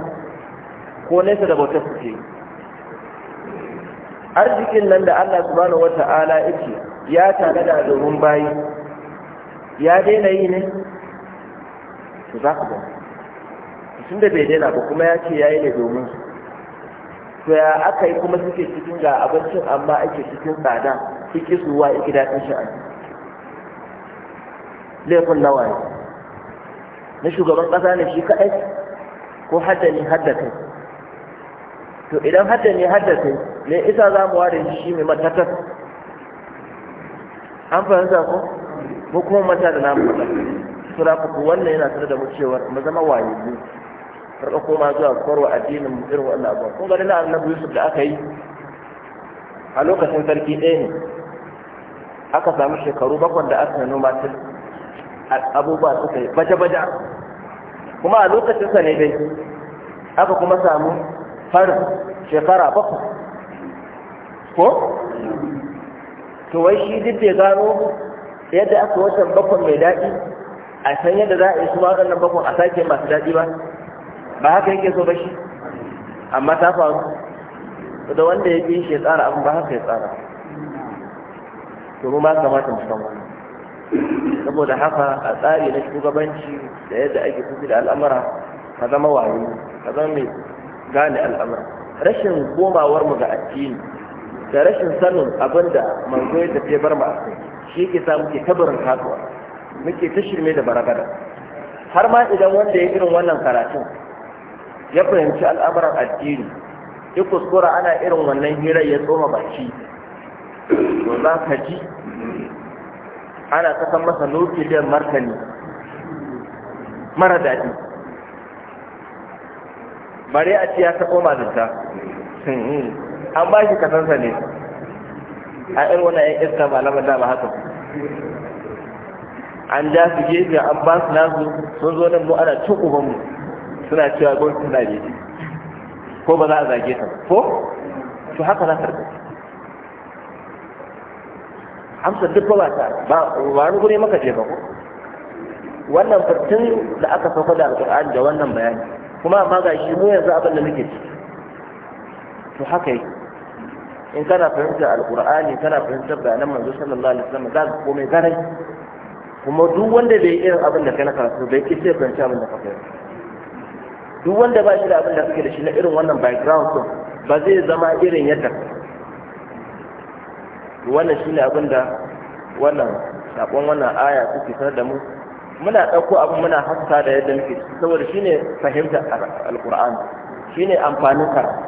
ko nesa da bautar su ce arzikin nan da Allah subhanahu wata'ala yake ya tare da domin bayi ya daina yi ne to za ku ba tun da bai daina ba kuma ya ce ya yi ne domin su to ya aka yi kuma suke cikin ga abincin amma ake cikin tsada suke zuwa iki daɗin a laifin nawa ne na shugaban ƙasa ne shi kaɗai ko hadda ne hadda kai to idan hadda ne hadda kai me isa za mu ware shi mai matatar an fahimta ko mu kuma mata da namu mata to da ku wannan yana sanar da mu cewa mu zama wayeyi karɓa koma zuwa korwa addinin mu irin wannan abuwa kun ga na annabi Yusuf da aka yi a lokacin sarki ɗaya ne aka samu shekaru bakwai da aka noma tun abubuwa suka yi baja-baja kuma a lokacinsa ne dai aka kuma samu har shekara bakwai ko? to wai shi duk da gano yadda aka watan bakwai mai daɗi a san yadda za a yi su waɗannan bakwai a sake masu daɗi ba ba haka yake so ba shi amma ta faru da wanda ya ƙi shi ya tsara abin ba haka ya tsara domin ba kamata musamman saboda haka a tsari na shugabanci da yadda ake kufi da al'amura ka zama wayo ka zama mai gane al'amura rashin komawar mu ga addini da rashin sanin abin da manzo ya tafi bar mu a kai, shi ke sa muke tabarin kasuwa muke ta shirme da barabara har ma idan wanda ya irin wannan karatun ya fahimci al'amuran addini ya kuskura ana irin wannan hirar ya tsoma baki to za ka ji ana kasan masa da martani mara daɗi bare a ce ya taɓo mazinta an ba shi kasansa ne a irin wani ‘yan iska ba lamar da ba haka an ja su gefe an ba su nasu sun zo nan mu ana cin ubanmu suna cewa gwamnati na ko ba za a zage ta ko to haka na sarki. amsa duk ba ta ba wani gure maka je ba ko wannan fatin da aka sauka da alƙur'ani da wannan bayani kuma amma ga shi mu yanzu abin da muke ciki to haka yake in kana fahimtar alƙur'ani kana fahimtar bayanan manzo sallallahu alaihi wasallam za ka komai garai kuma duk wanda bai irin abin da kai na karatu bai ki sai fahimci abin da ka fahimta duk wanda ba shi da abin da kake da shi na irin wannan background ba zai zama irin yadda wannan ne abin da wannan sakon wannan aya take sanar da mu muna ɗauko abin muna hasa da yadda muke saboda shi ne fahimta shi ne amfanin karatu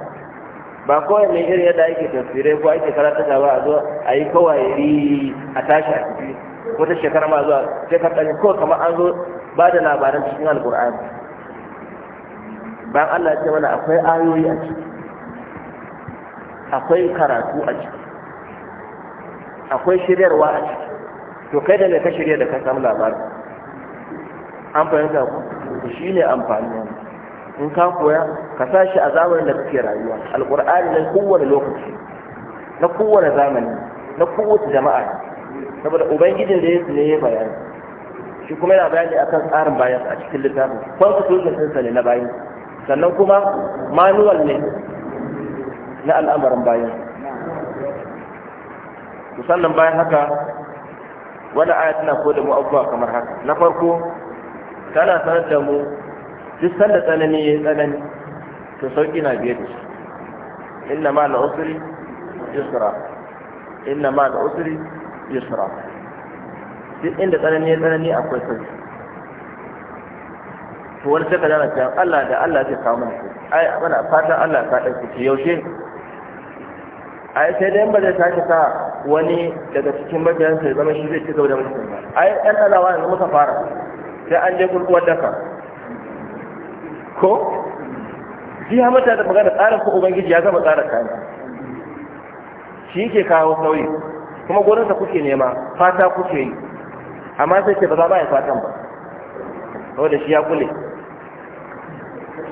ba kawai mai irin yadda ake tafsirai ko ake karanta ba a zo a yi kawai ri a tashi a ciki ko ta shekara ma zuwa shekar ɗari ko kamar an zo ba da labaran cikin alƙur'ani Ban allah ce mana akwai ayoyi a ciki akwai karatu a ciki akwai shiryarwa a ciki to kai da ne ka shirya da ka samu labari an fahimta ku shi ne amfani ne. in ka koya ka sa shi a zamanin da kake rayuwa alƙur'ani na kowane lokaci na kowane zamani na kowace jama'a saboda ubangijin da yake ne ya bayani shi kuma yana bayani akan tsarin bayan a cikin littafin constitution ɗinsa ne na bayan sannan kuma manual ne na al'amarin bayan to sannan bayan haka wani aya tana ko da mu abubuwa kamar haka na farko tana sanar da mu duk sanda tsanani ya yi tsanani to sauƙi na biye da shi inna ma na usuri yusra inna ma na usuri yusra duk inda tsanani ya tsanani akwai sauƙi to wani sai ka dana cewa Allah da Allah zai kawo mana ai mana fatan Allah ka ɗauki yaushe ai sai dai ba zai sake sa wani daga cikin mabiyansa ya zama shi zai ci gaba da mutum ai dan alawa yanzu muka fara sai an je kurkuwar daka ko shi ya mata da magana tsarin ko ubangiji ya zama tsara ne shi ke kawo sauyi kuma sa kuke nema fata kuke yi amma sai ce ba za ba ya fatan ba saboda shi ya kule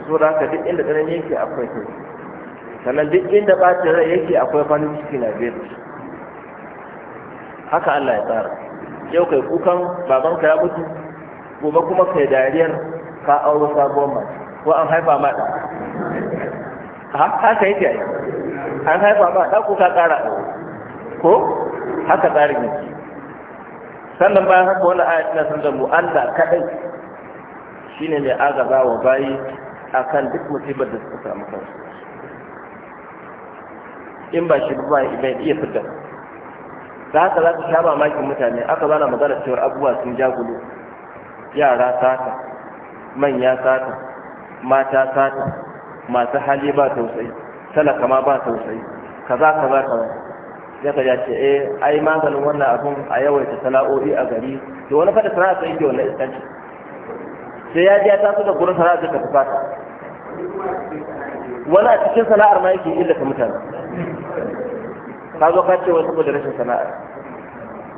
so da haka duk inda tsanani yake akwai kai sannan duk inda bacin rai yake akwai farin ciki na biyar haka Allah ya tsara yau kai kukan babanka ya mutu gobe kuma kai dariyar ka auro sabuwar mace ko an haifa ma ɗa haka yake yi an haifa ma ɗa ko ka ƙara ko haka tsarin yake sannan bayan haka wani ayat na san da mu Allah kaɗai shine mai agaba wa bayi akan duk musibar da suka samu kansu in ba shi ba bai iya fitar da haka za ka sha makin mutane aka bana magana cewar abubuwa sun jagulo yara sata manya sata mata sata masu hali ba tausayi talaka ma ba tausayi kaza kaza kaza ya ka ce eh ai maganin wannan abun a yawaita sana'o'i a gari to wani fada sana'a sai yake wannan istanci sai ya ta su da gurin sana'a ta fata wani a cikin sana'ar ma yake illata mutane ka zo ka ce wai saboda rashin sana'a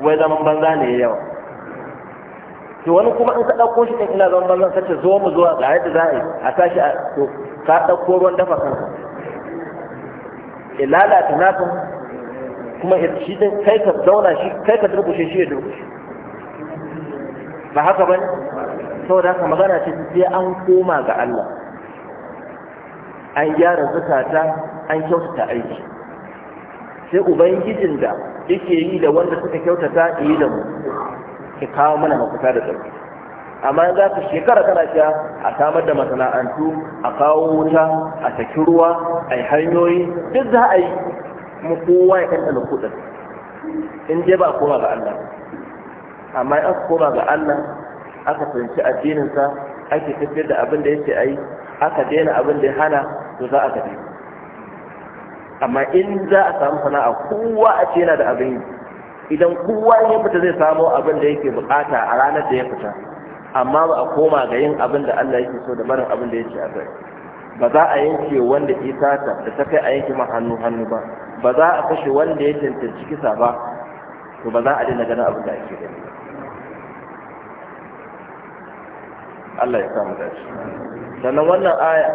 wai zaman banza ne ya yawa to wani kuma in ka ɗauko shi kan ina zaman banza sace zo mu zuwa ga yadda za a yi a tashi a to ka ɗauko ruwan dafa kanka ya lalata naka kuma shi din kai ka zauna shi kai ka durkushe shi ya durkushe ba haka ba saboda haka magana ce sai an koma ga Allah an gyara zakata an kyautata aiki sai ubangijin da yake yi da wanda suka kyautata yi da mu ki kawo mana mafita da tsarki amma za ka shekara kana sha a samar da masana'antu a kawo wuta a saki ruwa a yi hanyoyi duk za a yi mu kowa ya kanta kuɗin in je ba a koma ga Allah amma in aka koma ga Allah aka fahimci addininsa ake tafiyar da abin da yake a yi aka daina abin da ya hana to za a tafi amma in za a samu sana'a kowa a ce yana da abin yi, idan kowa ya fita zai samu abin da yake bukata a ranar da ya fita amma ba a koma ga yin abin da Allah yake so da barin abin da yake a kai ba za a yanke wanda ke ta da ta kai a yanke ma hannu hannu ba ba za a kashe wanda ya tantance kisa ba to ba za a daina ganin abin da ake gani Allah ya samu dace sannan wannan aya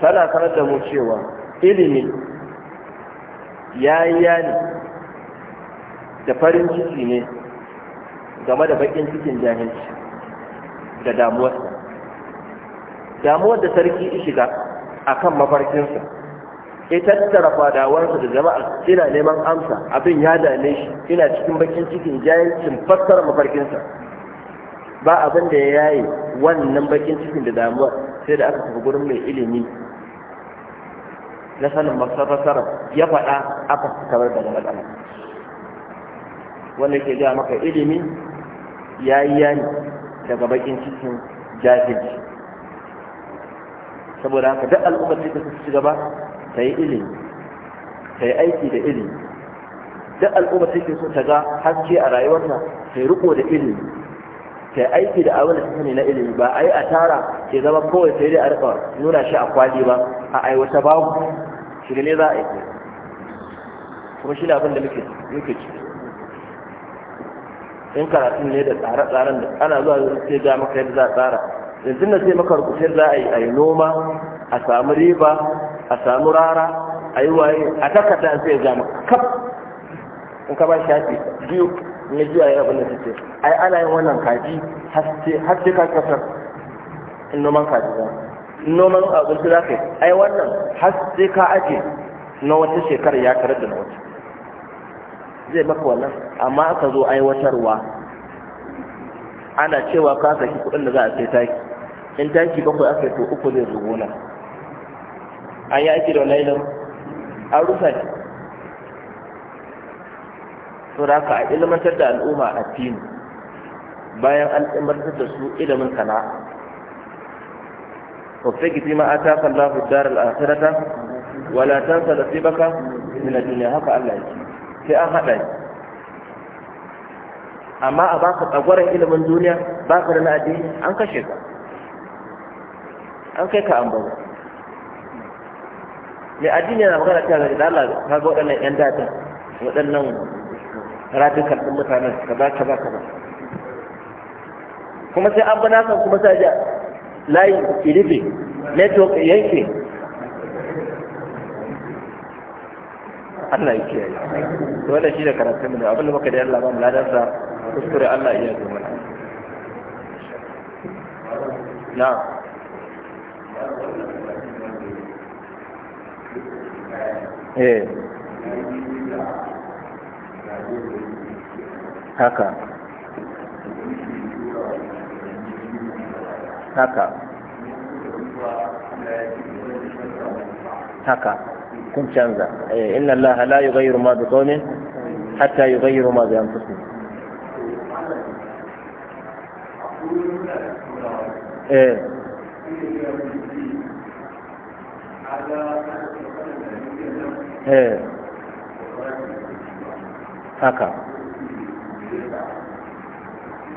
tana sanar da mu cewa ilimi Ya yi ne da farin ciki ne game da bakin cikin jahilci da damuwar damuwar da sarki shiga akan mafarkinsa ya tattara fadawarsa da jama'a ina neman amsa abin ya dame shi ina cikin bakin cikin jahilcin fassara mafarkinsa ba abin da ya yaye wannan bakin cikin da damuwar sai da aka tafi gurin mai ilimi na sanin masarrasarar ya faɗa aka kamar daga matsala wanda ke gaya maka ilimi ya yi yani daga bakin cikin jahilci saboda haka duk al'ummar da ta ci gaba ta yi ilimi ta yi aiki da ilimi duk al'ummar da ke so ta ga haske a rayuwarta ta yi riko da ilimi ta yi aiki da abin da ta sani na ilimi ba a yi a tara ke zama kawai sai dai a rika nuna shi a kwali ba a aiwata babu daga ne za a yi kuma shi ne abin da muke ci in karatun ne da tsare-tsaren da ana zuwa da sai ga maka yadda za a tsara yanzu na sai maka rukuce za a yi a yi noma a samu riba a samu rara a yi waye a takarda an sai ga maka kaf in ka ba shafi biyu in ya juya ya abin da suke ai ana yin wannan kaji har sai ka kasar in noman kaji za noman abinci za ka yi ai wannan har sai ka aje na wata shekara ya tare da na wata zai maka wannan amma aka zo aiwatarwa ana cewa ka saki kuɗin da za a sai taki in taki bakwai aka yi to uku zai zo gona an yi aiki da wani wannan an rufa ne to da ka a ilmantar da al'umma a fini bayan an da su ilimin sana'a وفقك فيما آتاك الله الدار الاخره ولا تنسى نصيبك من الدنيا هكا الله يجي sai an haɗa اما amma a الى من ilimin duniya لنا da na addini an كيك kai ka mai addini yana magana ta gari da Allah ka ga waɗannan ƴan datan waɗannan ɗin mutanen kaza kaza kaza kuma sai an bana kan kuma sai layi iribe network yanke Allah ya kiyaye to wannan shi da karatun mu abin da muka da yalla ba mu ladan kuskure Allah ya yi mana na eh haka haka haka kun canza eh, inna Allah la yughayyiru ma bi qawmin hatta yughayyiru ma bi anfusihim eh eh haka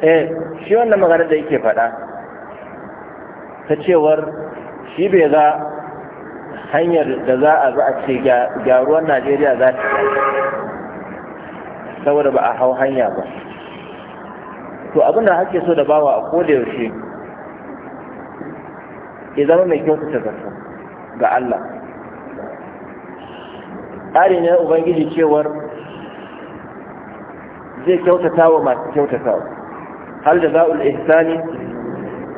Eh, shi wannan magana da yake faɗa ta cewar shi bai za hanyar da za a za a ce gyaruwar Najeriya za ta saboda ba a hau hanya ba. To abin da hake so da bawa a koda yaushe, ya zama mai ta zafi ga Allah ƙari ne ubangiji cewar zai kyautata wa masu wa hal da za'ul ihsani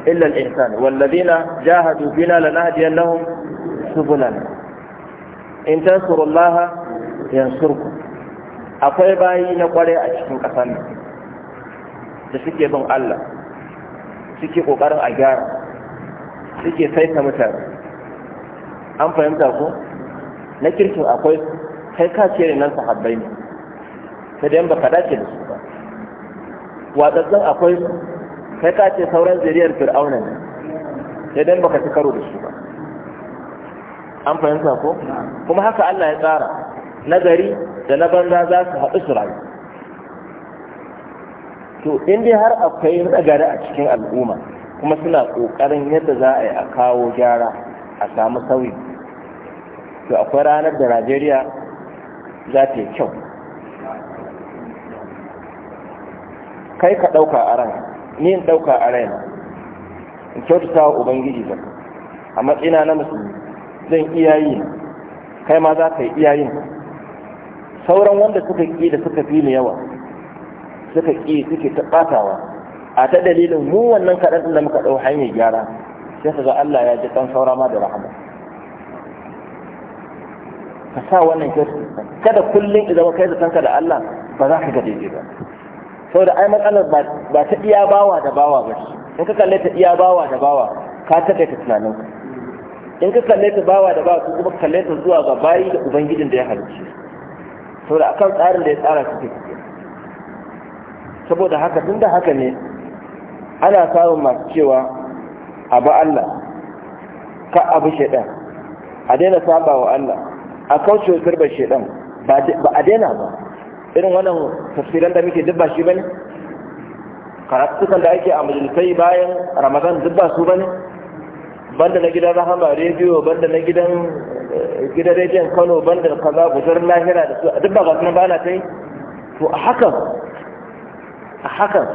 illa al-ihsan wallazina jahadu fina su subulana in tansurullaha yansurkum akwai bayi na kware a cikin ƙasar nan da suke bin Allah suke ƙoƙarin a gyara suke saita mutane an fahimta ko na kirkin akwai kai ka ce nan sahabbai ne sai dai ba ka dace da su ba watsatsan akwai kai ka ce sauran zuriyar fir'auna ne sai dai ba ka ci karo da su ba an fahimta ko kuma haka Allah ya tsara nagari da na banza za su haɗu su rayu to in dai har akwai nagari a cikin al'umma kuma suna ƙoƙarin yadda za a yi a kawo gyara a samu sauyi to akwai ranar da najeriya za ta yi kyau kai ka ɗauka a ran ni in ɗauka a ran in kyautata wa ubangiji ba. a matsina na musulmi zan iya yi kai ma za ka yi iya yin sauran wanda suka ƙi da suka fi ni yawa suka ƙi suke ta a ta dalilin mu wannan kaɗan da muka ɗau hanyar gyara sai ka ga Allah ya ji ɗan saura ma da rahama ka sa wannan kyautar kada kullum idan kai zatanka da Allah ba za ka ga ba saboda ai matsalar ba ta iya bawa da bawa ba in ka kalle ta iya bawa da bawa ka ta tunanin in ka kalle ta bawa da bawa ko kuma kalle ta zuwa ga bayi da ubangijin da ya halicce saboda akan tsarin da ya tsara su take saboda haka tunda haka ne ana samun masu cewa ba Allah ka abu shaidan a daina saba wa Allah a kaucewa girbar shaidan ba a daina ba irin wannan tafsiran da muke dubba shi bane karatukan da ake a majalisai bayan ramadan dubba su bane banda na gidan rahama rediyo banda na gidan eh, gidan rediyon kano banda kaza gudar lahira da su dubba ga sunan ba na ta yi to a hakan a hakan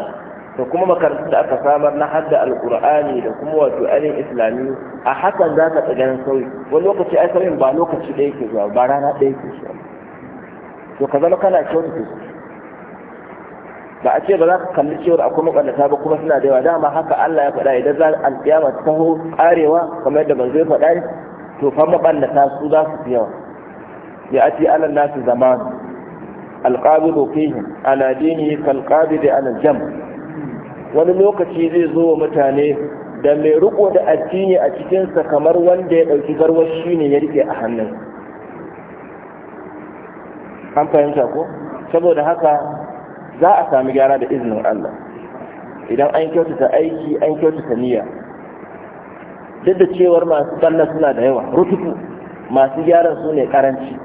da kuma makarantar da aka samar na hadda alkur'ani da kuma wato alin islami a hakan za ka tsaganin sauyi wani lokaci ai sauyin ba lokaci ɗaya ke zuwa ba rana ɗaya ke zuwa to ka zama kana kyautu ke ba a ce ba za ka kalli cewar akwai makwannata ba kuma suna da yawa dama haka Allah ya faɗa idan za alƙiyama ta taho ƙarewa kamar yadda manzo ya faɗa to fa makwannata su za su fi yawa ya ati alal nasu zamanu alqabidu fihim ala dini kalqabidi ala jam' wani lokaci zai zo wa mutane da mai riko da addini a cikinsa kamar wanda ya ɗauki garwar shi ne ya rike a hannun an fahimta ko saboda haka za a sami gyara da izinin Allah idan an kyautata aiki an kyautata niyya duk da cewar masu balla suna da yawa rututu masu gyaran su ne karanci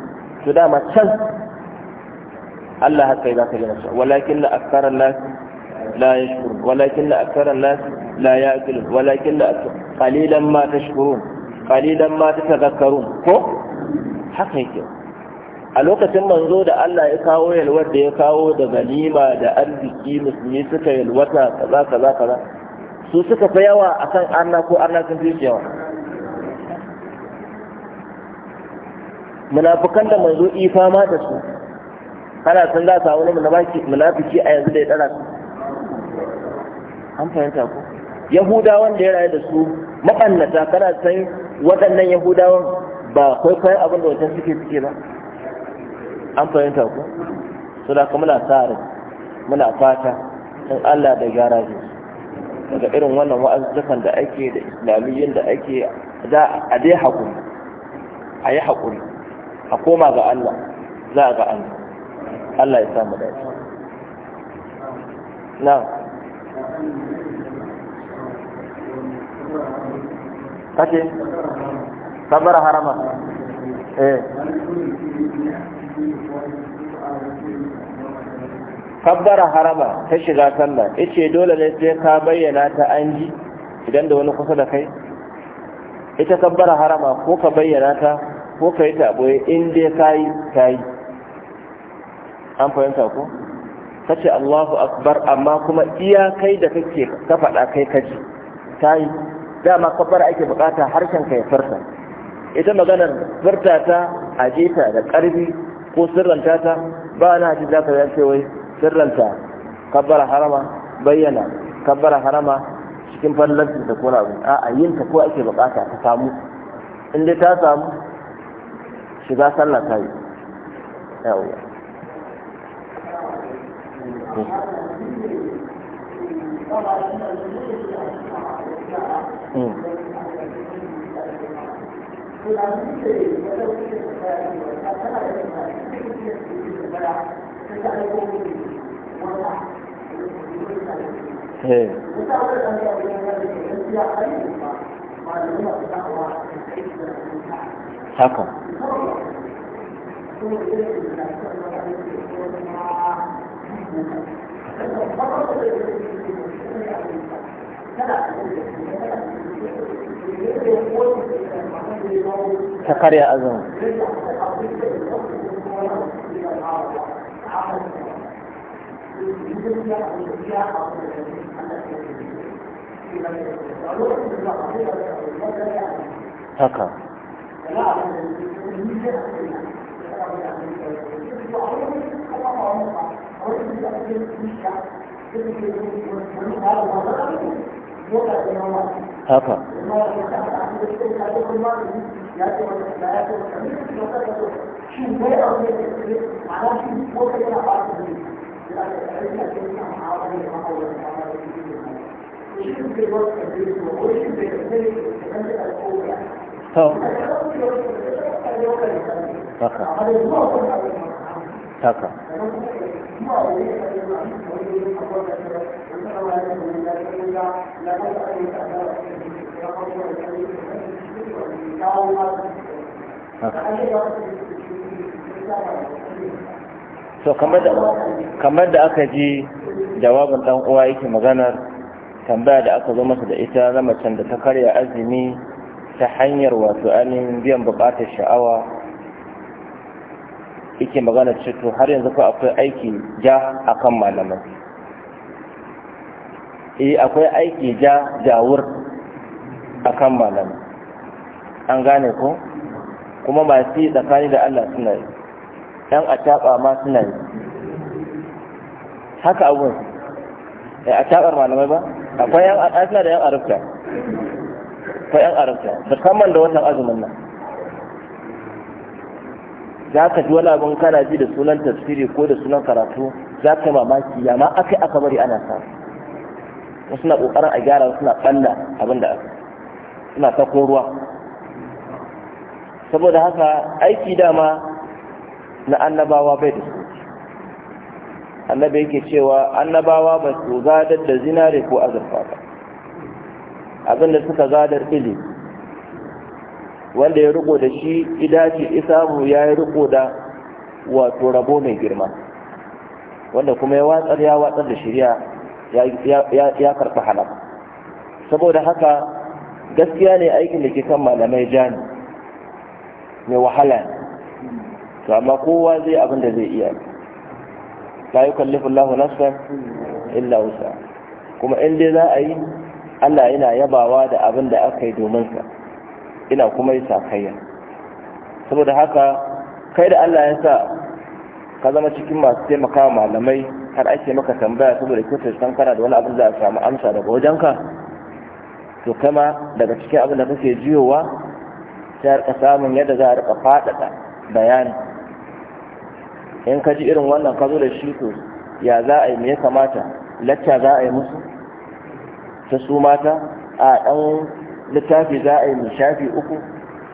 to dama can Allah haka yi za ka gina nasa walakin la aksarar lafi la yashkurun walakin la aktharan nas la yaqilun walakin la qalilan ma tashkurun qalilan ma tatadhakkarun ko haka yake a lokacin manzo da Allah ya kawo yalwar da ya kawo da ganima da arziki musulmi suka yalwata kaza kaza kaza su suka fi yawa akan arna ko arna sun fi yawa munafukan da manzo ifa ma da su ana san za su wani munafiki a yanzu da ya tsara an fahimta ko yahudawan da ya rayu da su maɓannata kana san waɗannan yahudawan ba kwaikwayon abin da wancan suke suke ba an fahimta ko Su da muna sa muna fata in Allah da gyara su. daga irin wannan wa'azzukan da ake da islamiyyin da ake da a dai haƙuri a yi haƙuri a koma ga Allah za a ga Allah Allah ya samu dace na kake kabar harama eh kabbara harama ta shiga sallah yace dole ne sai ka bayyana ta an ji idan da wani kusa da kai ita kabbara harama ko ka bayyana ta ko ka yi taɓoye in dai ka yi an fahimta ko ta ce allahu akbar amma kuma iya kai da kake ka faɗa kai kaji ta yi dama kabbara ake bukata harshen ka ya farta ita maganar farta ta ajeta da karbi ko sirranta ta ba na haji za ka zance wai sirranta kabbara harama bayyana kabbara harama cikin fallancin da kuna abu a'a yin ta ko ake bukata ta samu inda ta samu shiga sallah ta yi haka كقرية أظن هكا لا *laughs* haka haka so kamar da aka ji jawabin ɗan uwa yake maganar tambaya da aka zo masa da ita na macen da ta karya azumi ta hanyar wato ainihin biyan bukatar sha'awa yake magana cewa, har yanzu ko akwai aiki ja akan malamai eh akwai aiki ja jawur akan malam an gane ko kuma masu yi tsakani da Allah suna yi ɗan a ma suna yi haka abun eh, a taɓar malamai ba akwai yan asina da yan arabta akwai yan arabta musamman da watan azumin nan za ka ji wani abin kana ji da sunan tafsiri ko da sunan karatu za ka yi mamaki ya ma aka aka bari ana samu wasu suna ƙoƙarin a gyara wasu banda ɓalla abin da aka suna sako ruwa saboda haka aiki dama na annabawa bai da su annabi yake cewa annabawa ba su gadar da zinare ko azurfa ba abinda suka gadar ili wanda ya riko da shi idaci isamu ya yi riko da wato rabo mai girma wanda kuma ya watsar ya watsar da shirya ya karɓi halal saboda haka gaskiya ne aikin da ke kan malamai jani mai wahala to amma kowa zai abin da zai iya la yukallifu Allahu nafsan illa wusa kuma in dai za a yi Allah yana yabawa da abin da aka yi domin sa ina kuma yi sakayya saboda haka kai da Allah ya sa ka zama cikin masu taimaka malamai har ake maka tambaya saboda sai san kana da wani abin za a samu amsa daga wajenka to kama daga cikin abin da kake jiyowa sai rika samun yadda za a rika faɗaɗa bayani in ka ji irin wannan ka zo da shi to ya za a yi me ya kamata lacca za a yi musu ta su mata a ɗan littafi za a yi mai shafi uku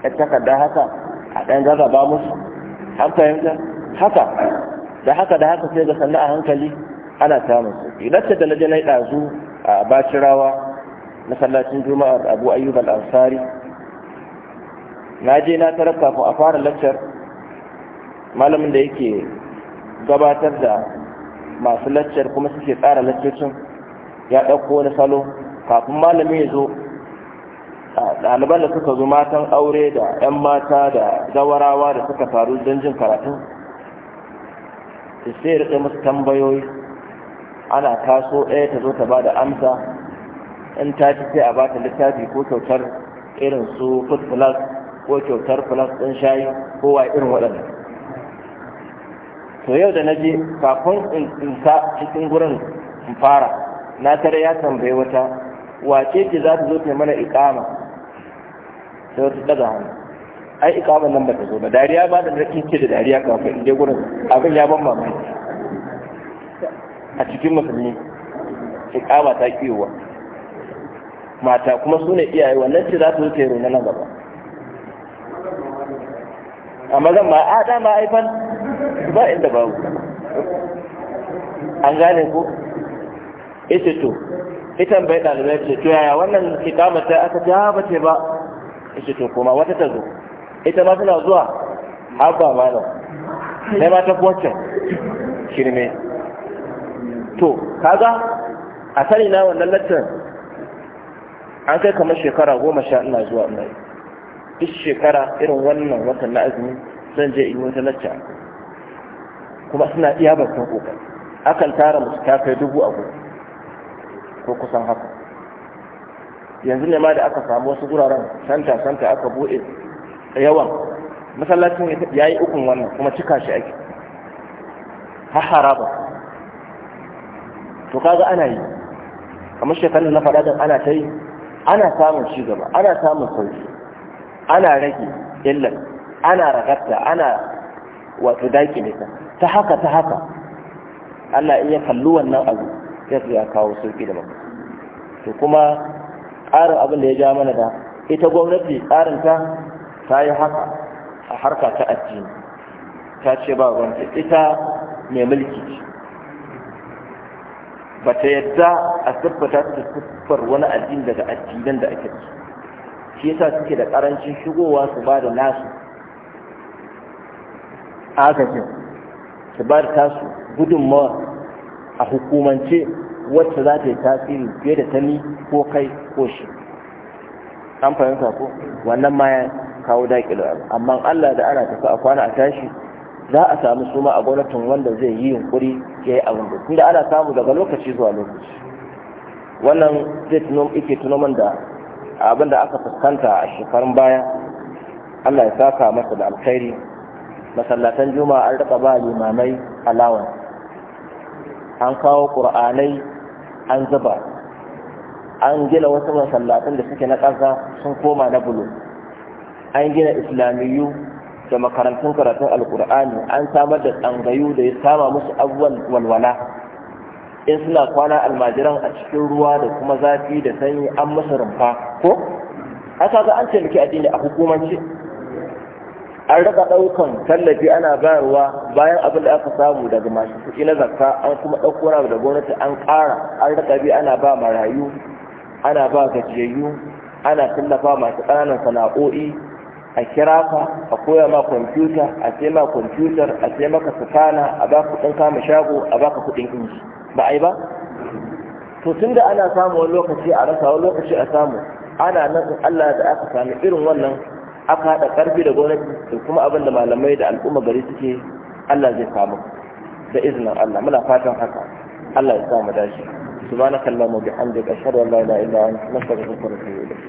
ya takarda haka a ɗan gaza ba musu an fahimta haka da haka da haka sai ga sannu a hankali ana samun su idan da naje na ɗazu a bacirawa masallacin juma'ar abu ayyub al-ansari na je na tarar kafin a fara laccar malamin da yake gabatar da masu laccar kuma suke tsara laccocin ya ɗauko wani salo kafin malami ya zo ɗaliban da suka zo matan aure da 'yan mata da zawarawa da suka faru don jin karatun ta sai ya musu tambayoyi ana kaso ɗaya ta zo ta ba da amsa in ta ci sai a ba ta littafi ko kyautar irin su food plus ko kyautar plus ɗin shayi ko wa irin waɗanda to yau da na je kafin in sa cikin gurin in fara na tare ya tambaye wata wace ce za ta zo ta mana ikama sai wata ɗaga hannu ai ikaban nan ba ta zo ba dariya ba da rakin ce da dariya kafin inda gurin abin ya ban mamaki a cikin musulmi ikaba ta kiyowa mata kuma su ne iyaye wannan ce za su wuce rona na gaba amma zan ma a dama aifan ba inda ba an gane ko ita to ita bai dalibai ce to yaya wannan kitabata ta aka jaba ce ba ita to kuma wata ta zo ita ma tana zuwa haba malam sai ma ta kwacin shirme to kaga a sani na wannan lattin an kai kamar shekara goma sha ina zuwa ina duk shekara irin wannan watan na azumi zan je in wata lacca kuma suna iya bakin kokari akan tara musu ta kai dubu a gudu ko kusan haka yanzu ne ma da aka samu wasu guraren santa santa aka buɗe yawan masallacin ya yi ukun wannan kuma cika shi ake hahara haraba to kaga ana yi kamar shekarun na faɗa don ana ta yi ana samun ci gaba ana samun sauki ana rage illar ana ragatta ana wato daƙi ne ta haka ta haka Allah iya kallu wannan abu ya ya kawo sauki da maka to kuma ƙarin abin da ya ja mana da ita gwamnati ta ta yi haka a harka ta addini ta ce ba wanda ita mai mulki ce ba ta yadda a tabbata ta siffar wani addini daga addinan da ake ci shi yasa suke da karancin shigowa su ba da nasu agajin su ba da tasu gudunmawa a hukumance wacce za ta yi tasiri fiye da ta ni ko kai ko shi an fahimta ko wannan ma kawo daƙilewa amma Allah da ana tafi a kwana a tashi za a samu suma a gwamnatin wanda zai yi yunkuri ya yi abin da tunda ana samu daga lokaci zuwa lokaci wannan zai tuno ike tuno man da abin da aka fuskanta a shekarun baya Allah ya saka masa da alkhairi masallatan juma'a an rika ba limamai alawan an kawo qur'anai an zuba an gina wasu masallatan da suke na ƙasa sun koma na bulo an gina islamiyu da makarantun karatun alkur'ani an samar da tsangayu da ya sama musu abubuwan walwala in suna kwana almajiran a cikin ruwa da kuma zafi da sanyi an musu rumfa ko haka ga an taimaki addini a hukumance an raka ɗaukan tallafi ana bayarwa bayan abin da aka samu daga masu kuɗi na zakka an kuma ɗauko na da gwamnati an ƙara an raka bi ana ba marayu ana ba gajiyayyu ana tallafa masu ƙananan sana'o'i a kira ka a koya ma kwamfuta a sai ma kwamfutar a sai maka sufana a ba ɗan kama shago a ba ka kuɗin inji ba ai ba to tun da ana samu wani lokaci a rasa wani lokaci a samu ana nan in Allah da aka sami irin wannan aka haɗa ƙarfi da gwamnati da kuma abin da malamai da al'umma gari suke Allah zai samu da izinin Allah muna fatan haka Allah ya samu dashi subhanakallahumma bihamdika ashhadu an la ilaha illa anta astaghfiruka wa atubu ilayk